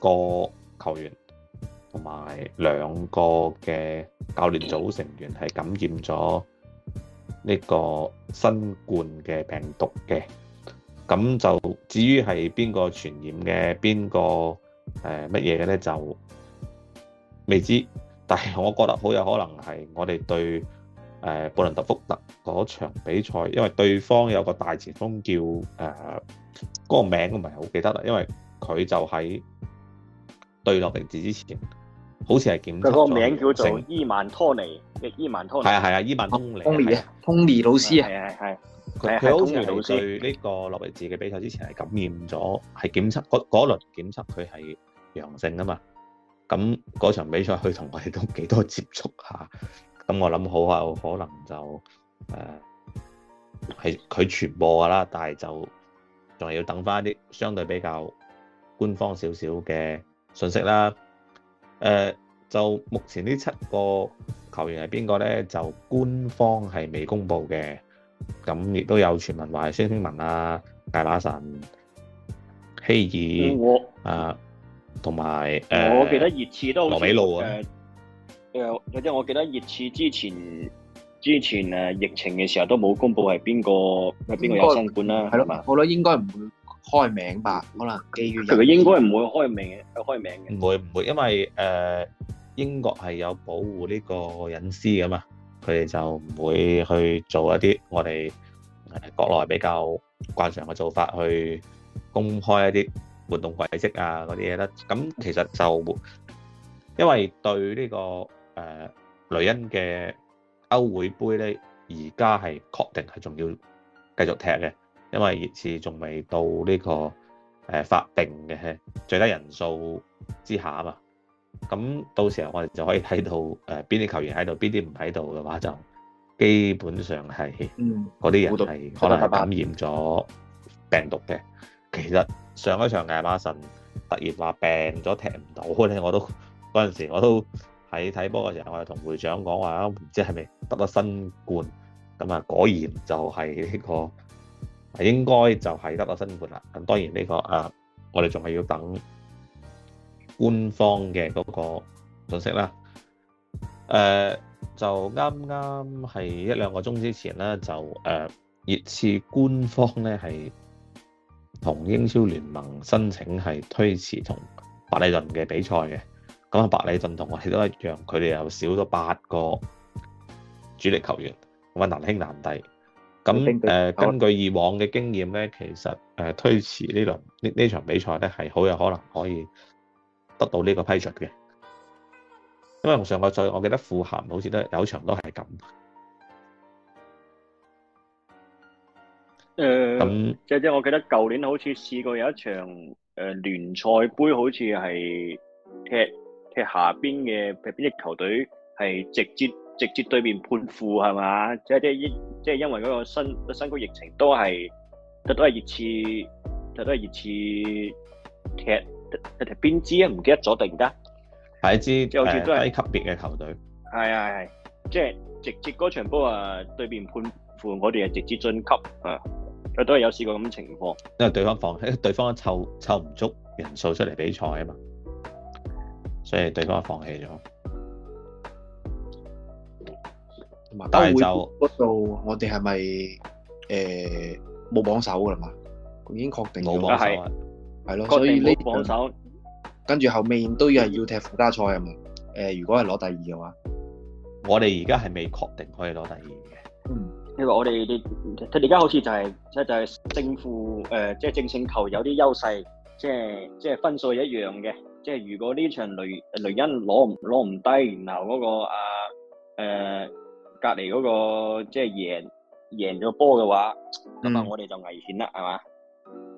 個球員。同埋兩個嘅教練組成員係感染咗呢個新冠嘅病毒嘅，咁就至於係邊個傳染嘅邊個誒乜嘢嘅咧，就未知。但係我覺得好有可能係我哋對誒布倫特福特嗰場比賽，因為對方有個大前鋒叫誒嗰、呃那個名我唔係好記得啦，因為佢就喺、是。對諾域治之前，好似係檢測咗陽性。佢個名叫做伊曼托尼，亦伊曼托尼係啊係啊，伊曼托尼啊，托尼老師啊，係係係。佢他的好似對呢個諾域治嘅比賽之前係感染咗，係檢測嗰嗰輪檢測佢係陽性啊嘛。咁嗰場比賽佢同我哋都幾多接觸下，咁我諗好啊，可能就誒係佢傳播㗎啦，但係就仲要等翻啲相對比較官方少少嘅。信息啦，誒、呃、就目前呢七個球員係邊個咧？就官方係未公布嘅，咁亦都有傳聞話係孫興慜啊、大拉神、希爾、嗯、啊，同埋誒。我記得熱刺都羅美露啊。誒，或者我記得熱刺之前之前誒疫情嘅時候都冇公布係邊個邊個有新冠啦。係咯，我覺得應該唔、啊、吧會。開名吧，可能基於其實應該唔會開名，開名嘅唔會唔會，因為誒英國係有保護呢個隱私㗎嘛，佢哋就唔會去做一啲我哋國內比較慣常嘅做法去公開一啲活動軌跡啊嗰啲嘢啦。咁其實就因為對呢個誒雷恩嘅歐會杯咧，而家係確定係仲要繼續踢嘅。因為熱刺仲未到呢個誒法定嘅最低人數之下啊嘛，咁到時候我哋就可以睇到誒邊啲球員喺度，邊啲唔喺度嘅話，就基本上係嗰啲人係可能係感染咗病毒嘅。其實上一場艾馬臣突然話病咗踢唔到咧，我都嗰陣時我都喺睇波嘅時候，我就同會長講話，唔知係咪得咗新冠咁啊？果然就係呢個。應該就係得到新聞啦，咁當然呢個啊，我哋仲係要等官方嘅嗰個信息啦、啊。就啱啱係一兩個鐘之前呢，就熱刺、啊、官方呢係同英超聯盟申請係推遲同白禮頓嘅比賽嘅。咁白禮頓同我哋都一樣，佢哋又少咗八個主力球員，咁啊，難兄難弟。咁誒、呃，根據以往嘅經驗咧，其實誒、呃、推遲呢輪呢呢場比賽咧，係好有可能可以得到呢個批准嘅，因為我上個賽我記得富咸好似都有場都係咁。誒，即係即係，我記得舊年好似試過有一場誒、呃、聯賽杯好，好似係踢踢下邊嘅邊球隊，係直接。直接對面判負係嘛？即係即係因即係因為嗰個新新冠疫情都係都都係熱刺，都都係熱刺踢踢邊支啊？唔記得咗突然間係一支即係好似都係低級別嘅球隊。係係係，即係、就是、直接嗰場波啊！對面判負，我哋係直接進級啊！佢都係有試過咁情況，因為對方放棄，對方湊湊唔足人數出嚟比賽啊嘛，所以對方就放棄咗。但係就嗰度，我哋係咪誒冇榜首㗎啦嘛？已經確定冇榜首，係咯，了確定冇榜首。跟住後面都要係要踢附加賽啊嘛。誒了，如果係攞第二嘅話，我哋而家係未確定可以攞第二嘅。嗯，因為我哋啲，佢而家好似就係、是、即就係、是、勝負誒，即、呃、係、就是、淨勝球有啲優勢，即係即係分數一樣嘅。即、就、係、是、如果呢場雷雷恩攞唔攞唔低，然後嗰個啊、呃隔籬嗰個即係贏贏咗波嘅話，咁啊、嗯、我哋就危險啦，係嘛？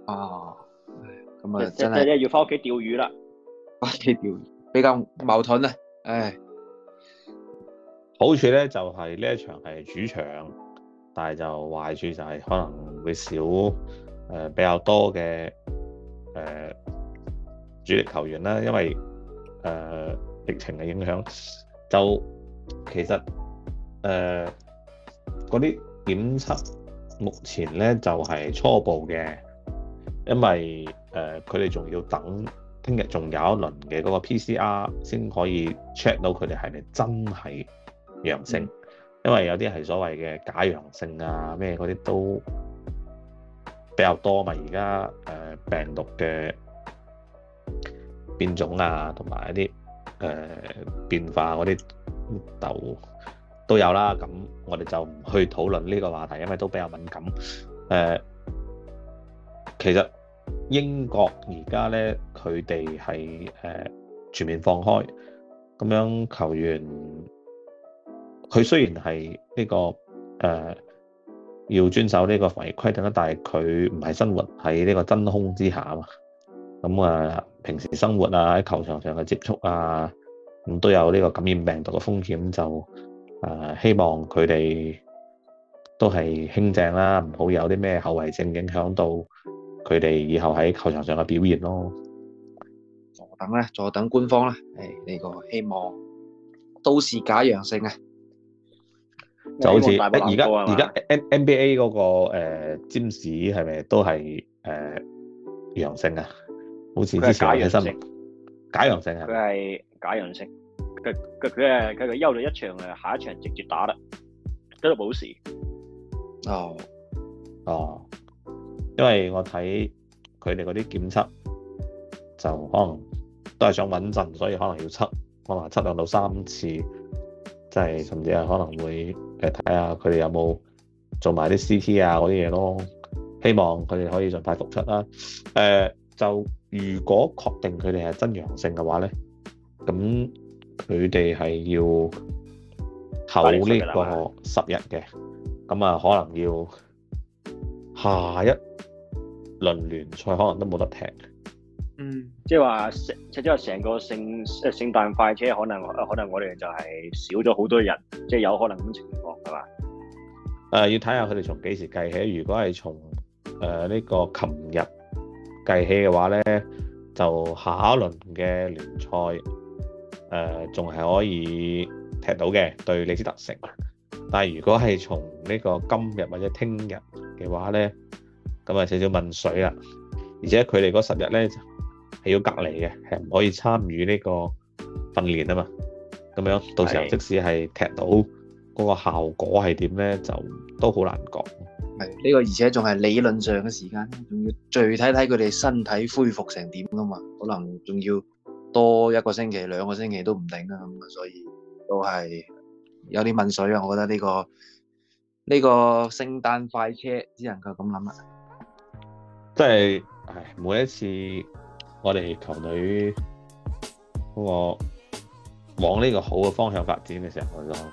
哦、啊，咁啊真係真係要翻屋企釣魚啦，翻屋企釣魚比較矛盾啊！唉，好處咧就係、是、呢一場係主場，但係就壞處就係可能會少誒、呃、比較多嘅誒、呃、主力球員啦，因為誒、呃、疫情嘅影響，就其實。誒嗰啲檢測目前呢就係、是、初步嘅，因為誒佢哋仲要等聽日，仲有一輪嘅嗰個 P C R 先可以 check 到佢哋係咪真係陽性，嗯、因為有啲係所謂嘅假陽性啊咩嗰啲都比較多嘛。而家、呃、病毒嘅變種啊，同埋一啲呃變化嗰啲都都有啦，咁我哋就唔去討論呢個話題，因為都比較敏感。誒、呃，其實英國而家咧，佢哋係誒全面放開咁樣球員。佢雖然係呢、呢個誒、呃、要遵守呢個防疫規定啦，但係佢唔係生活喺呢個真空之下嘛。咁、嗯、啊、呃，平時生活啊，喺球場上嘅接觸啊，咁都有呢個感染病毒嘅風險就。希望佢哋都係輕症啦，唔好有啲咩後遺症影響到佢哋以後喺球場上嘅表現咯。坐等咧，坐等官方啦。係、哎、呢、呢個希望，都是假陽性啊！就好似而家而家 N N B A 嗰個誒，詹姆斯係咪都係誒陽性啊？好似之前嘅新聞，假陽性啊！佢係假陽性。佢休咗一場，下一場直接打啦，都冇事。哦哦，因為我睇佢哋嗰啲檢測，就可能都係想穩陣，所以可能要測，可能測兩到三次，即係甚至可能會誒睇下佢哋有冇做埋啲 CT 啊嗰啲嘢咯。希望佢哋可以盡快復出啦。誒、uh，就如果確定佢哋係真陽性嘅話呢。佢哋係要候呢個十日嘅，咁啊可能要下一輪聯賽可能都冇得踢。嗯，即係話成，即係話成個聖，聖誕快車可能，可能我哋就係少咗好多人，即係有可能咁情況係嘛？誒，要睇下佢哋從幾時計起。如果係從誒呢個琴日計起嘅話咧，就下一輪嘅聯賽，誒仲係可以踢到嘅對李斯特城，但係如果係從呢個今日或者聽日嘅話咧，咁啊少少問水啦，而且佢哋嗰十日咧係要隔離嘅，係唔可以參與呢個訓練啊嘛，咁樣到時候即使係踢到嗰個效果係點咧，就都好難講。係呢個，而且仲係理論上嘅時間，仲要具體睇睇佢哋身體恢復成點啊嘛，可能仲要。多一個星期、兩個星期都唔定啊，咁啊，所以都係有啲問水啊。我覺得呢個呢個聖誕快車只能夠咁諗啦。即係唉，每一次我哋球隊我往呢個好嘅方向發展嘅時候，咁啊，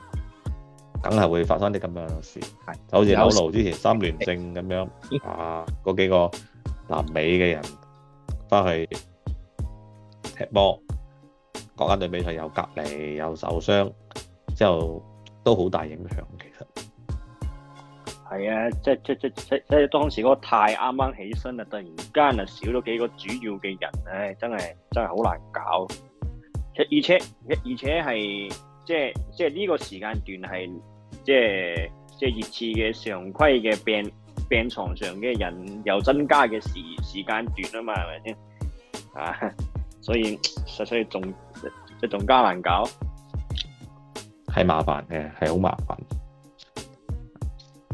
梗係會發生啲咁樣嘅事，的就好似歐路之前三連勝咁樣啊，嗰是的 幾個南美嘅人翻去。踢波，國家隊比賽又隔離又受傷，之後都好大影響。其實係啊，即係即係即即係當時嗰個太啱啱起身啊，突然間啊少咗幾個主要嘅人，唉，真係真係好難搞。而且而且係即係即係呢個時間段係即係即係熱刺嘅常規嘅病病牀上嘅人又增加嘅時時間段啊嘛，係咪先啊？所以實在係仲即係仲加難搞，係麻煩嘅，係好麻煩。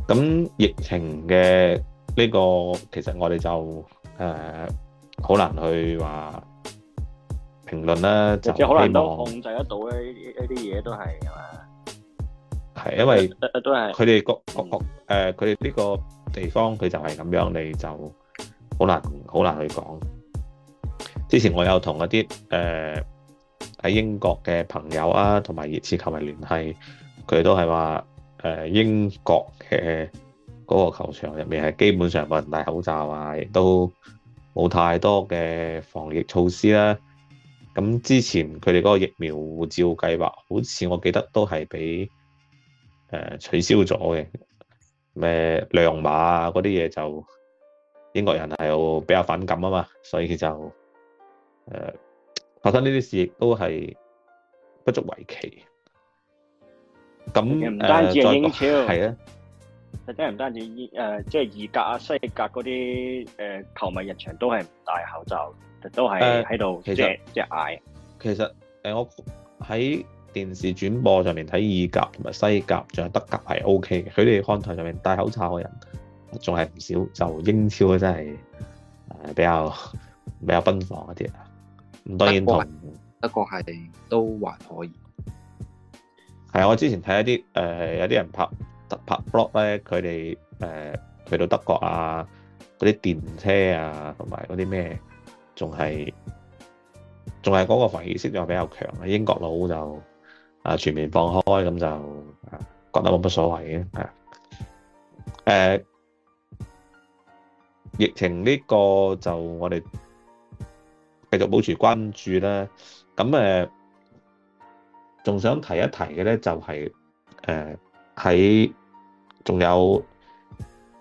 咁疫情嘅呢個其實我哋就誒好難去話評論啦，就即係好難都控制得到咧，呢啲嘢都係啊嘛。係因為都係佢哋各各各誒，佢哋呢個地方佢就係咁樣，你就好難好難去講。之前我有同一啲喺、呃、英國嘅朋友啊，同埋熱刺球迷聯繫，佢都係話、呃、英國嘅嗰個球場入面係基本上冇人戴口罩啊，亦都冇太多嘅防疫措施啦、啊。咁之前佢哋嗰個疫苗護照計劃，好似我記得都係畀、呃、取消咗嘅咩亮碼啊嗰啲嘢就英國人係比較反感嘛，所以就。誒，發生呢啲事亦都係不足為奇。咁唔單止英超誒，再係啊，真係唔單止英誒，即係意甲啊、西甲嗰啲誒球迷日常都係唔戴口罩，都係喺度即係即係嗌。其實誒，我喺電視轉播上面睇意甲同埋西甲仲有德甲係 O K，佢哋看台上面戴口罩嘅人仲係唔少。就英超咧真係誒比較、呃、比較、呃、比較奔放一啲。咁當然同，德國係都還可以。係啊，我之前睇一啲誒、呃、有啲人拍特拍 vlog 咧，佢哋誒去到德國啊，嗰啲電車啊，同埋嗰啲咩，仲係仲係嗰個防疫意識又比較強。英國佬就啊全面放開，咁就啊覺得冇乜所謂嘅啊。誒、啊，疫情呢個就我哋。繼續保持關注啦。咁誒，仲想提一提嘅咧，就係，就係誒喺仲有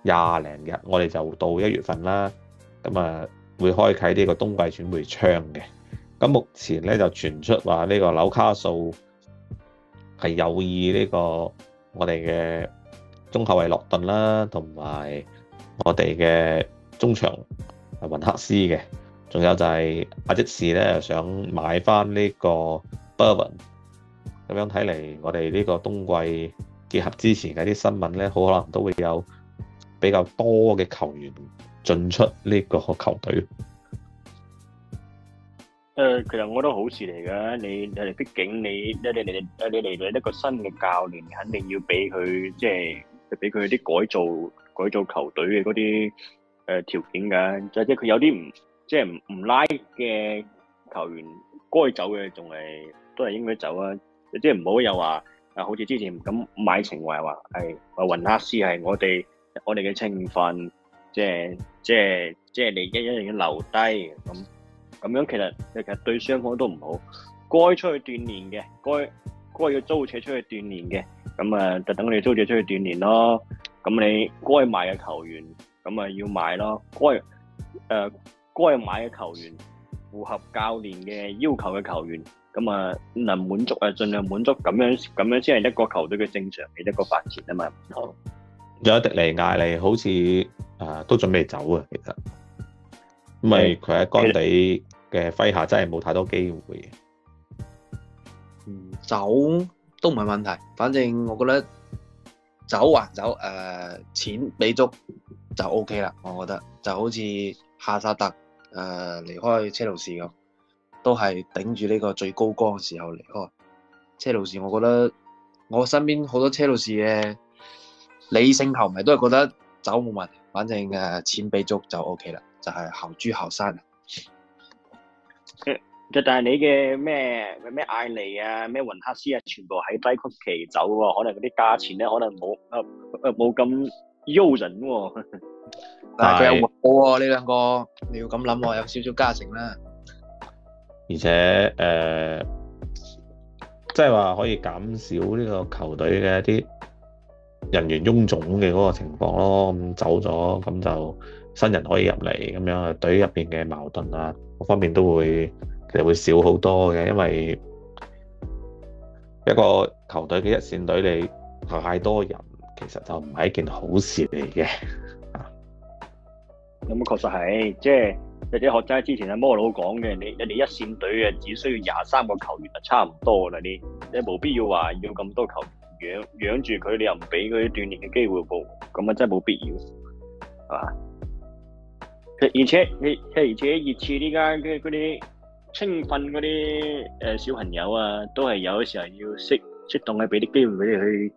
廿零日，我哋就到一月份啦，咁啊會開啓呢個冬季轉會窗嘅。咁目前咧就傳出話呢個紐卡素係有意呢個我哋嘅中後衞洛頓啦，同埋我哋嘅中場雲克斯嘅。仲有就係阿積士咧，想買翻呢個 Bergwijn，咁樣睇嚟，我哋呢個冬季結合之前嘅啲新聞咧，好可能都會有比較多嘅球員進出呢個球隊。誒，其實我都好事嚟嘅，你你哋畢竟你你哋你哋你哋嚟到一個新嘅教練，肯定要俾佢即係俾佢啲改造改造球隊嘅嗰啲誒條件㗎，即係即係佢有啲唔。即係唔唔拉嘅球，球員，該走嘅仲係都係應該走啊！即係唔好又話啊，好似之前咁買情懷話係阿雲克斯係我哋我哋嘅青訓，即係即係即係你一一定要留低咁咁樣，其實其實對雙方都唔好。該出去鍛煉嘅，該該要租借出去鍛煉嘅，咁啊就等你租借出去鍛煉咯。咁你該買嘅球員，咁啊要買咯。該誒。呃該買嘅球員，符合教練嘅要求嘅球員，咁啊，能滿足啊，盡量滿足，咁樣咁樣先係一個球隊嘅正常嘅一個發展啊嘛。仲有迪尼艾利，亞利好，好似誒都準備走啊，其實，因為佢喺干地嘅麾下真係冇太多機會。嗯，走都唔係問題，反正我覺得走還走，誒、呃，錢俾足就 OK 啦，我覺得就好似夏薩特。誒，離、uh, 開車路士咁，都係頂住呢個最高光嘅時候離開車路士。我覺得我身邊好多車路士嘅理性球迷都係覺得走冇問題，反正誒錢俾足就 OK 啦，就係後豬後山。就但係你嘅咩咩艾尼啊，咩云克斯啊，全部喺低谷期走喎，可能嗰啲價錢咧，可能冇冇咁。誘人喎，哦、 但係佢又冇喎，呢兩個你要咁諗，我有少少加成啦。而且誒，即係話可以減少呢個球隊嘅一啲人員臃腫嘅嗰個情況咯。咁走咗，咁就新人可以入嚟，咁樣隊入邊嘅矛盾啊，各方面都會其實會少好多嘅。因為一個球隊嘅一線隊裏太多人。其實就唔係一件好事嚟嘅。嗯，咁啊確實係，即係你哋學齋之前阿摩佬講嘅，你你哋一線隊啊只需要廿三個球員就差唔多啦，你你冇必要話要咁多球員養住佢，你又唔俾佢鍛煉嘅機會部，咁啊真係冇必要，係嘛？而且你，而且熱刺呢間嘅嗰啲青訓嗰啲誒小朋友啊，都係有時候要適適當嘅，俾啲機會佢哋去。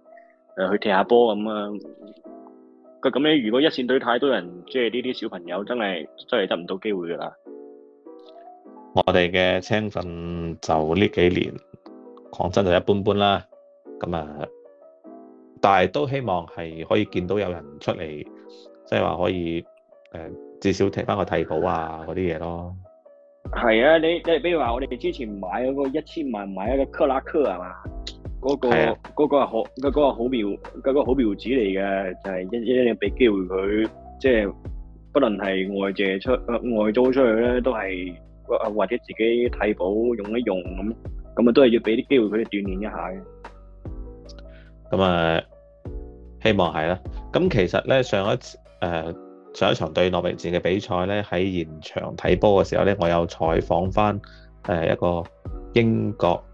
誒去踢下波咁樣！佢咁樣，如果一線隊太多人，即係呢啲小朋友真係真係得唔到機會噶啦。我哋嘅青訓就呢幾年講真就一般般啦。咁啊，但係都希望係可以見到有人出嚟，即係話可以誒、呃，至少踢翻個替補啊嗰啲嘢咯。係啊，你即係比如話，我哋之前買嗰個一千萬買一個克拉克係嘛？嗰、那個嗰好，嗰、啊、個好苗，嗰好苗子嚟嘅，就係一一一定要俾機會佢，即、就、係、是、不能係外借出外租出去咧，都係或者自己替補用一用咁，咁、那、啊、個、都係要俾啲機會佢鍛鍊一下嘅。咁啊、嗯，希望係啦。咁其實咧，上一誒、呃、上一場對諾域治嘅比賽咧，喺現場睇波嘅時候咧，我有採訪翻誒一個英國。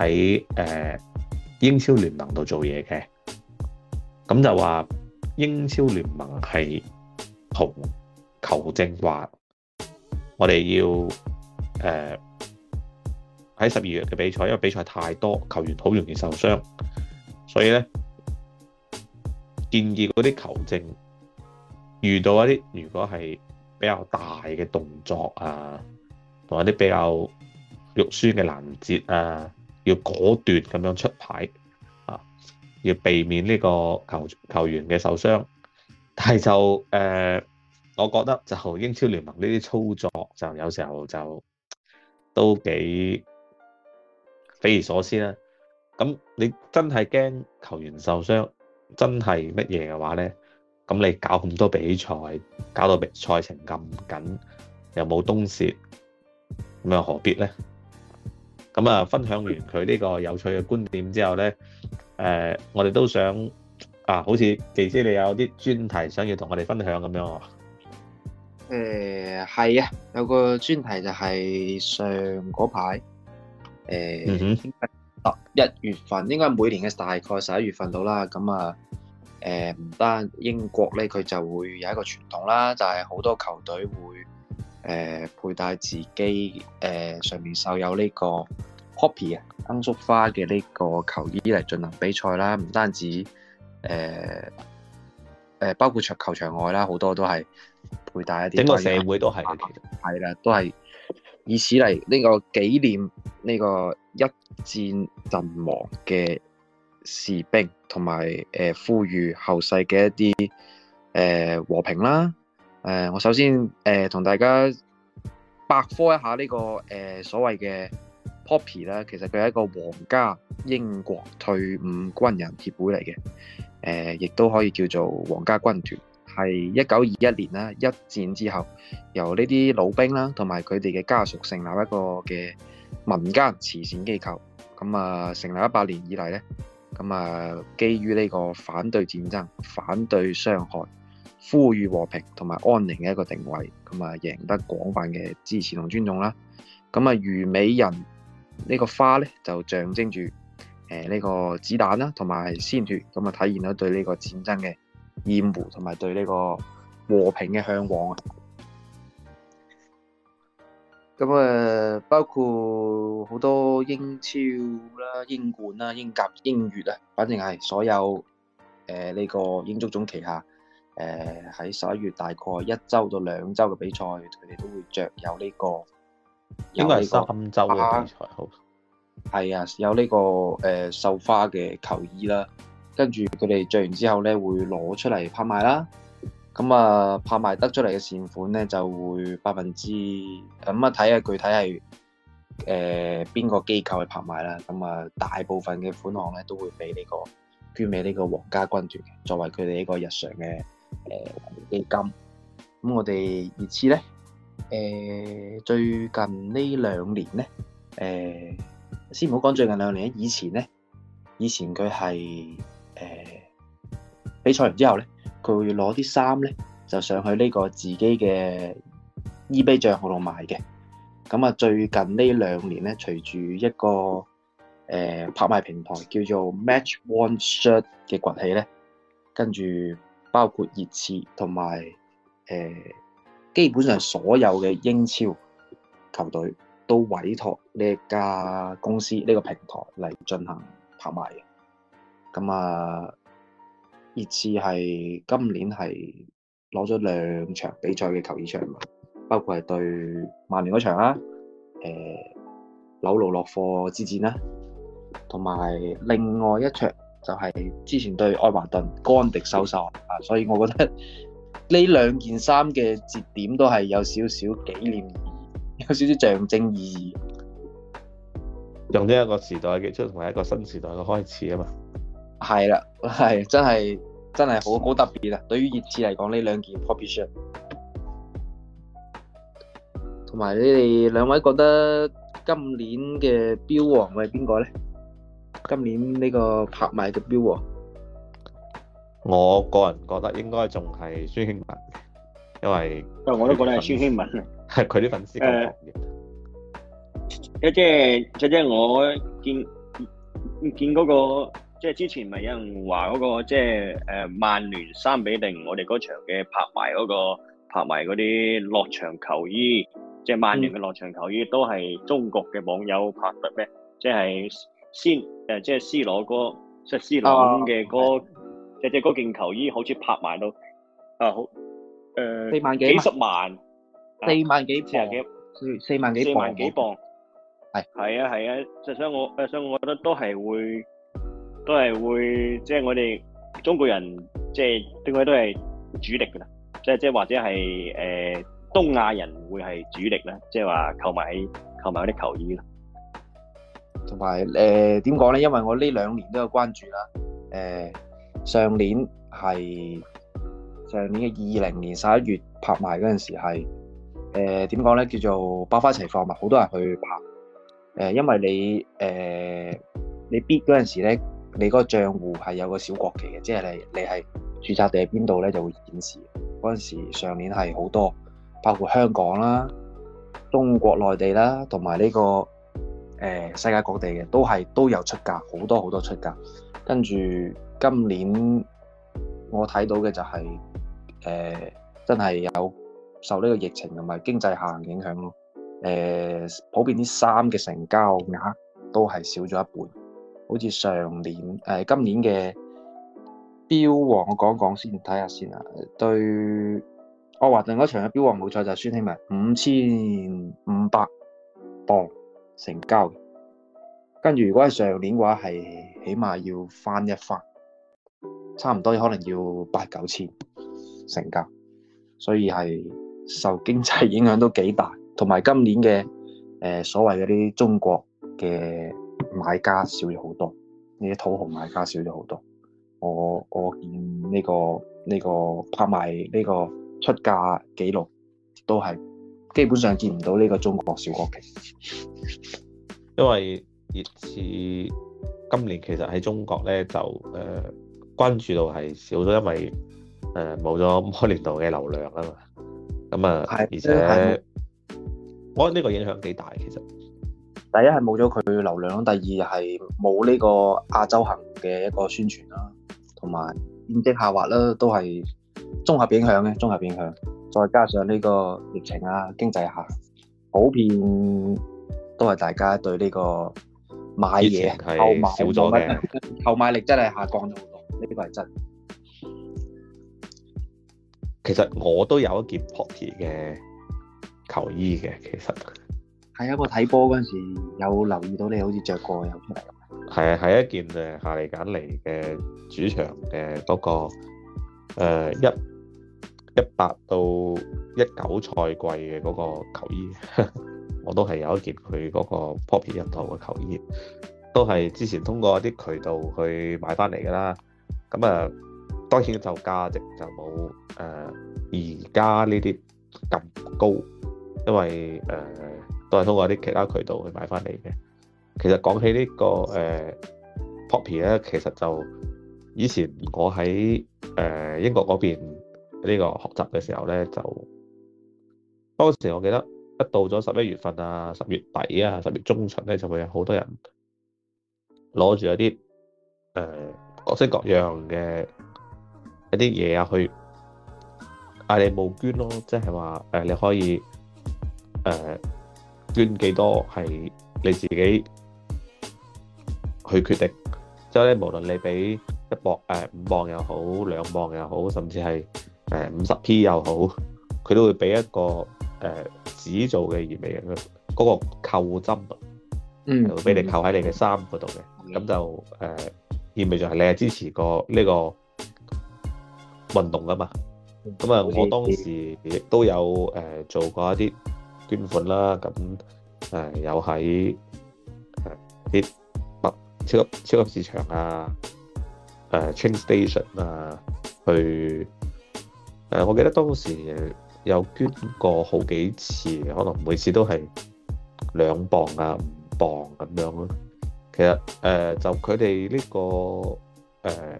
喺英超聯盟度做嘢嘅，咁就話英超聯盟係同球證話，我哋要在喺十二月嘅比賽，因為比賽太多，球員好容易受傷，所以呢，建議嗰啲球證遇到一啲如果係比較大嘅動作啊，同一啲比較肉酸嘅攔截啊。要果斷咁樣出牌啊！要避免呢個球球員嘅受傷，但係就誒、呃，我覺得就英超聯盟呢啲操作就有時候就都幾匪夷所思啦、啊。咁你真係驚球員受傷，真係乜嘢嘅話呢？咁你搞咁多比賽，搞到比賽程咁緊，又冇冬歇，咁又何必呢？咁啊，分享完佢呢個有趣嘅觀點之後咧，誒、呃，我哋都想啊，好似技師你有啲專題想要同我哋分享咁樣喎。誒、呃，係啊，有個專題就係上嗰排，誒、呃，一、嗯、哼月份，應該每年嘅大概十一月份到啦。咁啊，誒、呃，唔單英國咧，佢就會有一個傳統啦，就係、是、好多球隊會誒、呃、佩戴自己誒、呃、上面繡有呢、這個。Poppy 啊，罌粟花嘅呢個球衣嚟進行比賽啦，唔單止誒誒、呃呃，包括場球場外啦，好多都係佩戴一啲。整個社會都係，係啦、啊，都係以此嚟呢個紀念呢個一戰陣亡嘅士兵，同埋誒呼籲後世嘅一啲誒、呃、和平啦。誒、呃，我首先誒同、呃、大家百科一下呢、這個誒、呃、所謂嘅。Poppy 咧，Poppy，其實佢係一個皇家英國退伍軍人協會嚟嘅，誒，亦都可以叫做皇家軍團。係一九二一年啦，一戰之後，由呢啲老兵啦同埋佢哋嘅家屬成立一個嘅民間慈善機構。咁啊，成立一百年以嚟咧，咁啊，基於呢個反對戰爭、反對傷害、呼籲和平同埋安寧嘅一個定位，咁啊，贏得廣泛嘅支持同尊重啦。咁啊，虞美人。呢個花咧就象徵住誒呢個子彈啦、啊，同埋鮮血，咁啊，體現咗對呢個戰爭嘅厭惡，同埋對呢個和平嘅向往啊！咁啊、呃，包括好多英超啦、英冠啦、英甲、英乙啊，反正係所有誒呢、呃這個英足總旗下誒喺十一月大概一周到兩周嘅比賽，佢哋都會着有呢、這個。因為係三周嘅題好，係啊，的有呢、這個誒繡、呃、花嘅球衣啦，跟住佢哋着完之後咧，會攞出嚟拍賣啦。咁啊，拍賣得出嚟嘅善款咧，就會百分之咁啊，睇下具體係誒邊個機構去拍賣啦。咁啊，大部分嘅款項咧，都會俾呢、這個捐俾呢個皇家軍團，作為佢哋呢個日常嘅誒、呃、基金。咁、啊、我哋熱刺咧。誒，最近這兩呢兩年咧，誒，先唔好講最近兩年，以前咧，以前佢係誒，比賽完之後咧，佢攞啲衫咧就上去呢個自己嘅 eBay 賬號度賣嘅。咁啊，最近這兩呢兩年咧，隨住一個誒、呃、拍賣平台叫做 Match Worn Shirt 嘅崛起咧，跟住包括熱刺同埋誒。基本上所有嘅英超球隊都委託呢一家公司呢個平台嚟進行拍賣嘅。咁啊，熱刺係今年係攞咗兩場比賽嘅球衣場，嚟，包括係對曼聯嗰場啦、啊，誒、呃，紐魯落貨之戰啦、啊，同埋另外一場就係之前對愛華頓干地收收啊，所以我覺得。呢兩件衫嘅節點都係有少少紀念意義，有少少象徵意義，用呢一個時代嘅結束同埋一個新時代嘅開始啊嘛。係啦，係真係真係好好特別啦。對於熱刺嚟講，呢兩件 poppy shirt，同埋你哋兩位覺得今年嘅標王係邊個咧？今年呢個拍賣嘅標王。我個人覺得應該仲係孫興文嘅，因為，因為我都覺得係孫興文，係佢啲粉絲。誒，即係即係我見見嗰個，即係之前咪有人話嗰個，即係誒曼聯三比零我哋嗰場嘅拍賣嗰個拍賣嗰啲落場球衣，即係曼聯嘅落場球衣，嗯，都係中國嘅網友拍得咩？即係先誒，即係 C 朗哥，即係 C 朗嘅哥。啊啊只只嗰件球衣好似拍賣到，啊好，誒、呃、四萬幾萬幾十萬，四萬幾四啊幾，四四萬幾四萬幾鎊，係係啊係啊，所以我，我所以，我覺得都係會，都係會，即係我哋中國人，即係點講都係主力㗎啦，即係即係或者係誒、呃、東亞人會係主力啦，即係話購買購買啲球衣咯，同埋誒點講咧？因為我呢兩年都有關注啦，誒、呃。上年係上年嘅二零年十一月拍賣嗰陣時係誒點講咧，叫做百花齊放啊！好多人去拍，誒、呃，因為你誒你 bid 嗰陣時咧，你嗰個賬戶係有個小國旗嘅，即係你你係註冊地喺邊度咧就會顯示。嗰陣時上年係好多，包括香港啦、中國內地啦，同埋呢個誒、呃、世界各地嘅都係都有出價，好多好多出價，跟住。今年我睇到嘅就係、是、誒、呃、真係有受呢個疫情同埋經濟下行影響咯。誒、呃、普遍啲衫嘅成交額都係少咗一半，好似上年誒、呃、今年嘅標王，我講講先睇下先啊。對愛華頓嗰場嘅標王冇錯就係孫興文，五千五百磅成交，跟住如果係上年嘅話，係起碼要翻一翻。差唔多可能要八九千成交，所以係受經濟影響都幾大，同埋今年嘅誒、呃、所謂嗰啲中國嘅買家少咗好多，呢啲土豪買家少咗好多。我我見呢個呢個拍賣呢個出價記錄都係基本上見唔到呢個中國小國旗，因為熱刺今年其實喺中國咧就誒、呃關注度係少咗，因為誒冇咗摩連奴嘅流量啊嘛，咁啊，是的而且我覺得呢個影響幾大其實。第一係冇咗佢流量，第二係冇呢個亞洲行嘅一個宣傳啦、啊，同埋業績下滑啦、啊，都係綜合影響嘅，綜合影響。再加上呢個疫情啊，經濟下普遍都係大家對呢個買嘢購買唔咪購買力真係下降咗。呢個係真，其實我都有一件 Poppy 嘅球衣嘅。其實係啊，我睇波嗰陣時有留意到你好似着過有出嚟咁。係啊，係一件誒夏利簡尼嘅主場嘅嗰、那個、呃、一一八到一九賽季嘅嗰個球衣， 我都係有一件佢嗰個 Poppy 印號嘅球衣，都係之前通過啲渠道去買翻嚟㗎啦。咁啊、嗯，當然就價值就冇而家呢啲咁高，因為、呃、都係通過啲其他渠道去買翻嚟嘅。其實講起呢、這個 Poppy 其實就以前我喺、呃、英國嗰邊呢個學習嘅時候當就當時我記得一到咗十一月份啊、十月底啊、十月中旬咧，就會有好多人攞住一啲各式各樣嘅一啲嘢啊，去嗌你募捐咯，即係話你可以捐幾多係你自己去決定。之後呢，無論你俾一磅五磅又好，兩磅又好，甚至係五十 P 又好，佢都會俾一個誒紙做嘅熱眉嘅嗰個扣針扣嗯，嗯，會俾你扣喺你嘅衫嗰度嘅，咁就、呃意味就係你係支持過這個呢個運動㗎嘛？咁啊，我當時亦都有做過一啲捐款啦。咁有喺超，超，超級市場啊、誒、uh, train station 啊去誒，我記得當時有捐過好幾次，可能每次都係兩磅啊、五磅咁樣咯。其實誒，就佢哋呢個誒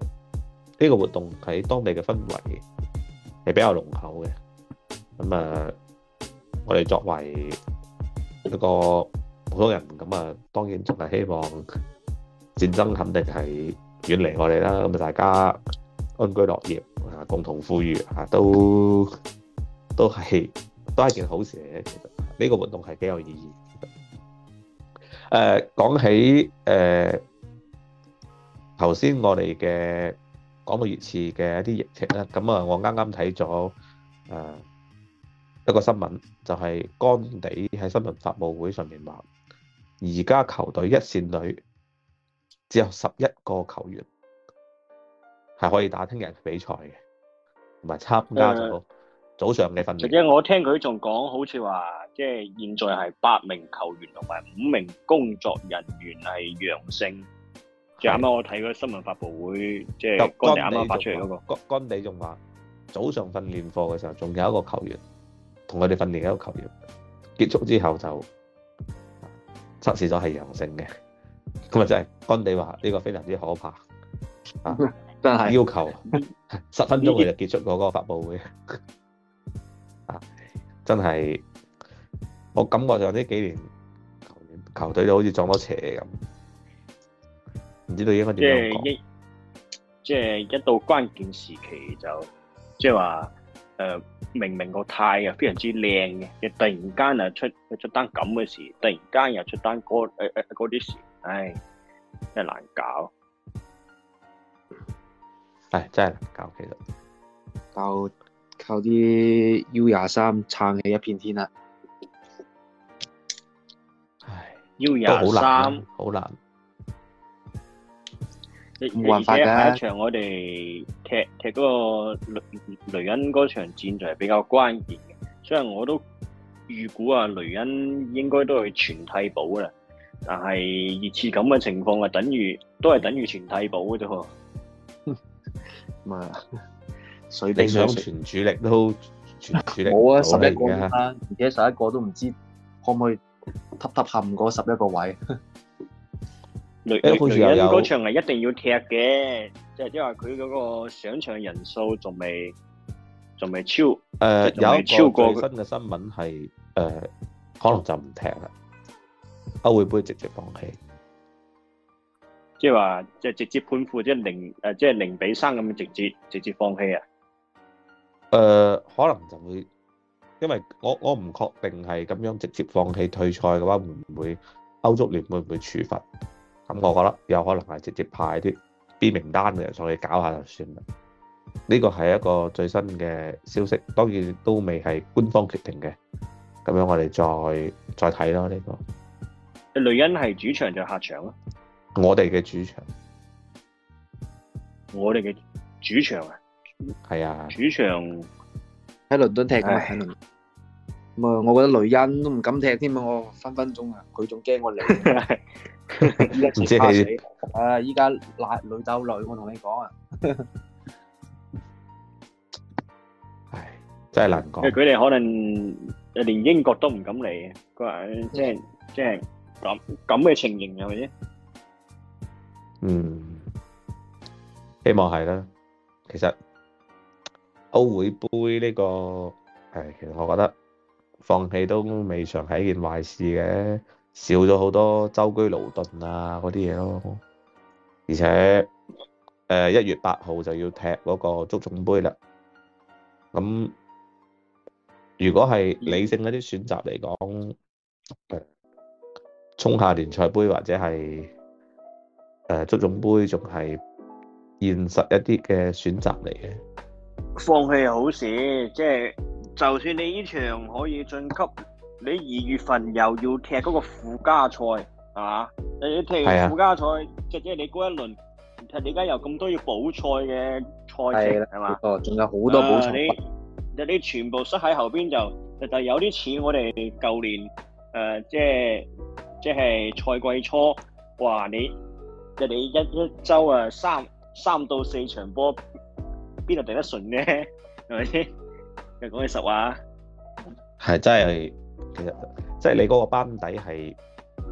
呢個活動喺當地嘅氛圍係比較濃厚嘅。咁啊，我哋作為一個普通人，咁啊，當然仲係希望戰爭肯定係遠離我哋啦。咁啊，大家安居樂業啊，共同富裕啊，都都係都係一件好事。其實呢個活動係幾有意義。誒、呃、講起誒頭先，呃、剛才我哋嘅講到熱刺嘅一啲疫情咁啊，我啱啱睇咗誒一個新聞，就係、是、干地喺新聞發佈會上面話，而家球隊一線隊只有十一個球員係可以打聽日比賽嘅，同埋參加咗早上嘅訓練。呃、我聽佢仲講，好似話。即係現在係八名球員同埋五名工作人員係陽性。是即啱啱我睇個新聞發佈會，即係干地啱啱發出嚟嗰、嗰個，干地仲話早上訓練課嘅時候，仲有一個球員同佢哋訓練一個球員結束之後就測試咗係陽性嘅。咁啊真係干地話呢個非常之可怕啊！真係要求十分鐘佢就結束嗰個發佈會啊！真係。我感覺就呢幾年球隊就好似撞到邪咁，唔知道應該點講。即係一即係、即係、一到關鍵時期就即係話誒，明明個態啊非常之靚嘅，又突然間啊出出單咁嘅事，突然間又出單嗰啲事，唉，真係難搞，唉，真係難搞，哎、難搞靠靠啲 U 廿三撐起一片天啊！要廿三，好難。唔幻化噶。而且下一場我哋踢踢嗰個雷雷恩嗰場戰就係比較關鍵嘅，所以我都預估啊，雷恩應該都係全替補噶啦。但係熱刺咁嘅情況，啊，等於都係等於全替補嘅啫。咁啊，水底想全主力都，好啊！十一個啦，而且十一個都唔知可唔可以。塔塔冚嗰十一個位，雷恩嗰場係一定要踢嘅，即係即係話佢嗰個上場人數仲未仲未超，誒有一個最新嘅新聞係誒可能就唔踢啦，歐會杯直接放棄，即係話即係直接判負，即係零誒即係零比三咁直接直接放棄啊，誒可能就會。因為我我唔確定係咁樣直接放棄退賽嘅話，會唔會歐足聯會唔會處罰？咁我覺得有可能係直接派啲 B 名單上去再搞下就算啦。呢個係一個最新嘅消息，當然都未係官方決定嘅。咁樣我哋再再睇咯，呢、呢個。雷恩係主場定客場？我哋嘅主場，就是、場我哋嘅主場啊，係啊，主場！喺倫敦踢啊！咁啊，我覺得女欣都唔敢踢添啊！我分分鐘啊，佢仲驚我嚟。依家即係，啊！依家男女鬥女，我同你講啊，唉，真係難講。佢哋可能連英國都唔敢嚟啊，佢話即係即係咁咁嘅情形係咪先？嗯，希望係啦。其實。歐會杯呢個其實我覺得放棄都未嘗係一件壞事嘅，少咗好多周居勞頓啊，嗰啲嘢咯。而且一月八號就要踢嗰個足總杯啦。咁如果係理性嗰啲選擇嚟講，誒，衝下聯賽杯或者係足總杯仲係現實一啲嘅選擇嚟嘅。放棄好事，即係就算你呢場可以晉級，你二月份又要踢嗰個附加賽，啊，你踢附加賽，即係是、啊、你嗰一輪，你而家有咁多要補賽嘅賽事係嘛？哦，仲有好多補賽、呃，你你全部塞喺後邊就，就有啲似我哋舊年誒、呃，即係即係賽季初話你，你一一周誒三三到四場波。邊度頂得順嘅係咪先？又講句實話、啊，係真係，其實即係、就是、你嗰個班底係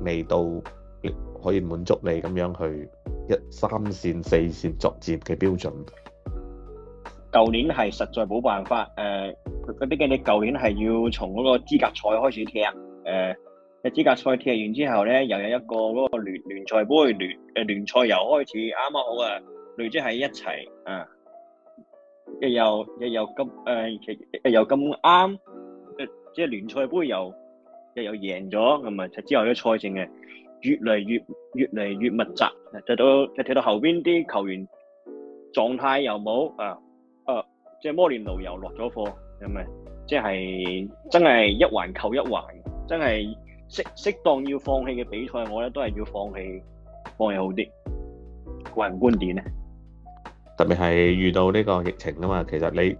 未到可以滿足你咁樣去一三線四線作戰嘅標準。舊年係實在冇辦法誒，畢、呃、竟你舊年係要從嗰個資格賽開始踢誒，誒、呃、資格賽踢完之後咧，又有一個嗰個聯聯賽盃聯誒聯賽又開始，啱啱好啊，累積喺一齊啊！又又又咁誒，又咁啱，即係聯賽杯又又，呃，又，又，又，又，又，又贏咗，同埋之後啲賽程嘅越嚟越越嚟越密集，睇到睇到後邊啲球員狀態又冇啊啊，即係摩連奴又落咗課，咁啊，即、就、係、是、真係一環扣一環，真係適適當要放棄嘅比賽，我咧都係要放棄，放棄好啲，個人觀點咧。特別係遇到呢個疫情啊嘛，其實你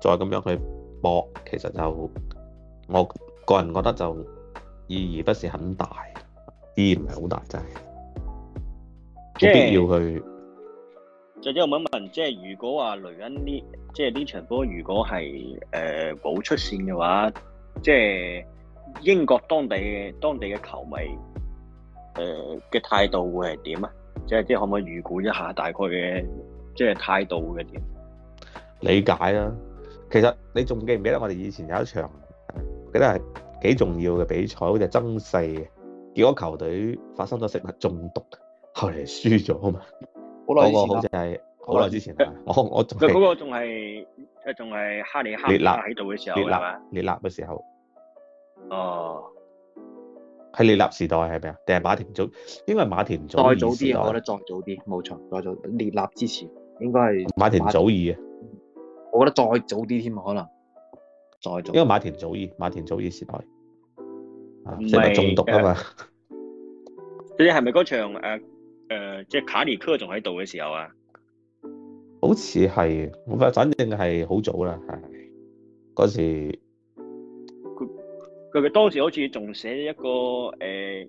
再咁樣去搏，其實就我個人覺得就意義不是很大，意義唔係好大，真係冇必要去。即就即我問一問，即係如果話雷恩呢，即係呢場波如果係誒冇出線嘅話，即係英國當地嘅當地嘅球迷誒嘅態度會係點啊？即係即係可唔可以預估一下大概嘅？即係態度嘅點理解啦、啊。其實你仲記唔記得我哋以前有一場，記得係幾重要嘅比賽，好似係爭四嘅。結果球隊發生咗食物中毒，後嚟輸咗啊嘛。好耐前好似係好耐之前，我我其實嗰個仲係仲係哈利哈利列納喺度嘅時候，係嘛？列納嘅時候哦，喺列納時代係咪啊？定係馬田組？應該係馬田組再早啲，代我覺得再早啲冇錯，再早列納之前。應該係馬，馬田祖爾嘅，我覺得再早啲添，可能再早。因為馬田祖爾，馬田祖爾時代，即食物中毒啊嘛。呃、你係咪嗰場誒誒、呃，即係卡尼科仲喺度嘅時候啊？好似係，我反正係好早啦。係嗰時佢佢當時好似仲寫一個誒、呃、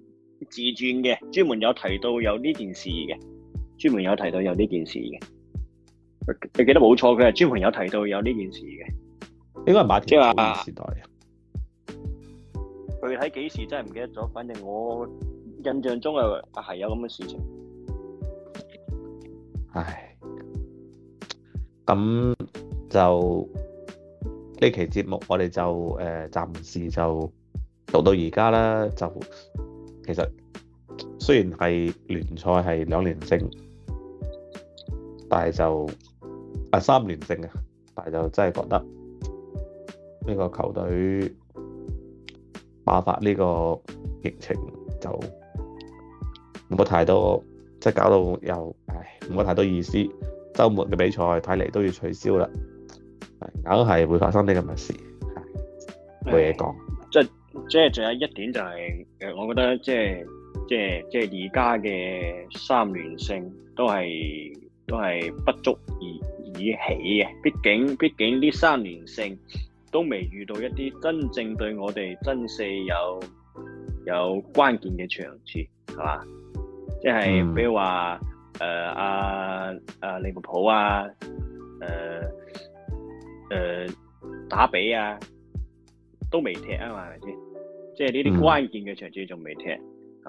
自傳嘅，專門有提到有呢件事嘅，專門有提到有呢件事嘅。你記得冇錯，嘅，係專門有提到有呢件事嘅，應該係馬田佐啊。時代，啊，具體幾時真係唔記得咗，反正我印象中又係、啊、有咁嘅事情。唉，咁就呢期節目我哋就誒、呃、暫時就讀到而家啦，就其實雖然係聯賽係兩連勝，但係就。啊！三連勝啊，但係就真係覺得呢個球隊爆發呢個疫情就冇太多，即係搞到又唉，冇太多意思。周末嘅比賽睇嚟都要取消啦，硬係會發生啲咁嘅事，冇嘢講。即係即係，仲有一點就係誒，我覺得即係即係即係，而家嘅三連勝都係都係不足以。起嘅，畢竟畢竟呢三連勝都未遇到一啲真正對我哋真四有有關鍵嘅場次，係嘛？即係、嗯、比如話誒阿阿利物浦啊，誒、呃、誒、呃、打比啊，都未踢啊嘛，係咪先？即係呢啲關鍵嘅場次仲未踢，係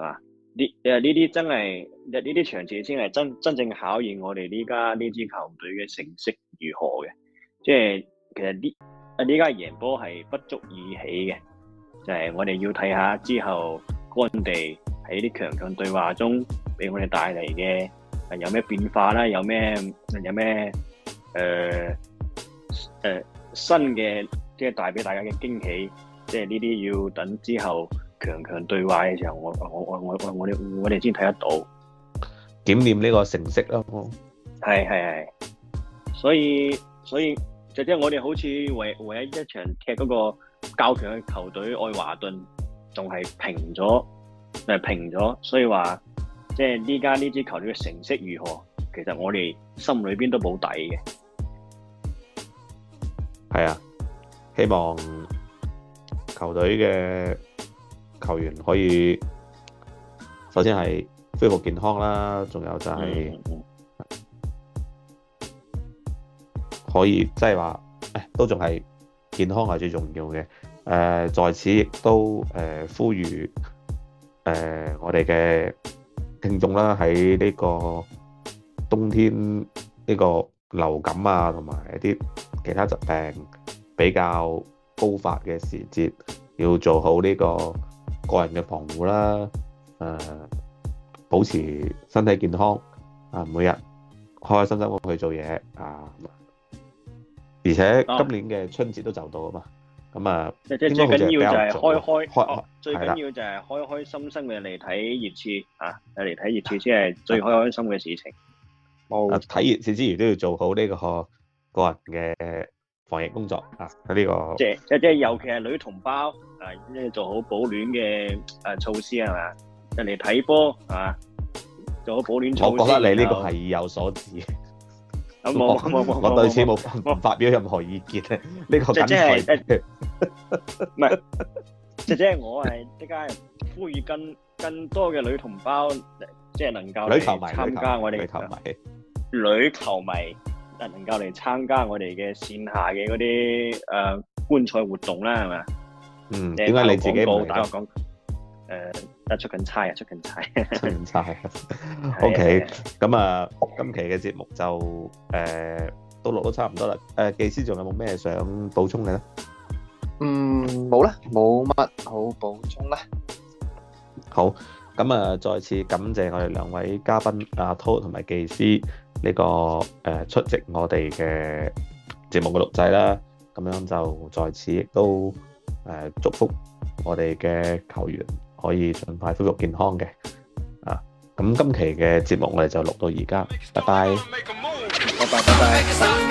嘛？呢，啊呢啲真係，呢啲場次先係真真正考驗我哋呢家呢支球隊嘅成績如何嘅，即係其實呢，啊呢家贏波係不足以起嘅，就係、是、我哋要睇下之後，干地喺啲強強對話中，俾我哋帶嚟嘅，有咩變化啦，有咩，有、呃、咩，誒，誒，新嘅，即係帶俾大家嘅驚喜，即係呢啲要等之後。強強對話嘅時候，我我我我我哋我哋先睇得到檢驗呢個成績咯。係係係，所以所以，就即係我哋好似唯唯一一場踢嗰個較強嘅球隊愛華頓，仲係平咗，係平咗。所以話即係呢家呢支球隊嘅成績如何，其實我哋心裏邊都冇底嘅。係啊，希望球隊嘅。球員可以首先係恢復健康啦，仲有就係可以即係話誒，都仲係健康係最重要嘅。誒、呃，在此亦都誒、呃、呼籲誒、呃、我哋嘅聽眾啦，喺呢個冬天呢個流感啊，同埋一啲其他疾病比較高發嘅時節，要做好呢、這個個人嘅防護啦，誒、呃、保持身體健康啊，每日開開心心去做嘢啊，而且今年嘅春節都就到啊嘛，咁、哦、啊，最緊要就係開開，最緊要就係開開心心嘅嚟睇熱刺啊，嚟睇、啊、熱刺先係最開心嘅事情。睇、啊、冇錯，熱刺之餘都要做好呢個個人嘅。防疫工作，這個，啊，呢個即係即係，尤其係女同胞啊，就是，啊，做好保暖嘅誒措施係嘛，人哋睇波啊，做好保暖措施。我覺得你呢個係意有所指。冇冇冇，我對此冇發表任何意見。呢有個即係唔係，即係我係即係呼籲更更多嘅女同胞，即，就，係，是，能夠參加我哋嘅球迷，女球迷。能夠嚟參加我哋嘅綫下嘅嗰啲誒觀賽活動啦，係咪？嗯。點解你自己冇打個廣告？誒，啊出緊差啊，出緊差。出緊差。OK，咁啊，今期嘅節目就誒錄得都差唔多啦。誒、呃，技師仲有冇咩想補充嘅咧？嗯，冇啦，冇乜好補充啦。好，咁啊，再次感謝我哋兩位嘉賓阿濤同埋技師。呢、這個、呃、出席我哋嘅節目嘅錄製啦，咁樣就在此亦都、呃、祝福我哋嘅球員可以盡快恢復健康嘅，啊！咁今期嘅節目我哋就錄到而家，拜拜，it start, 拜拜。it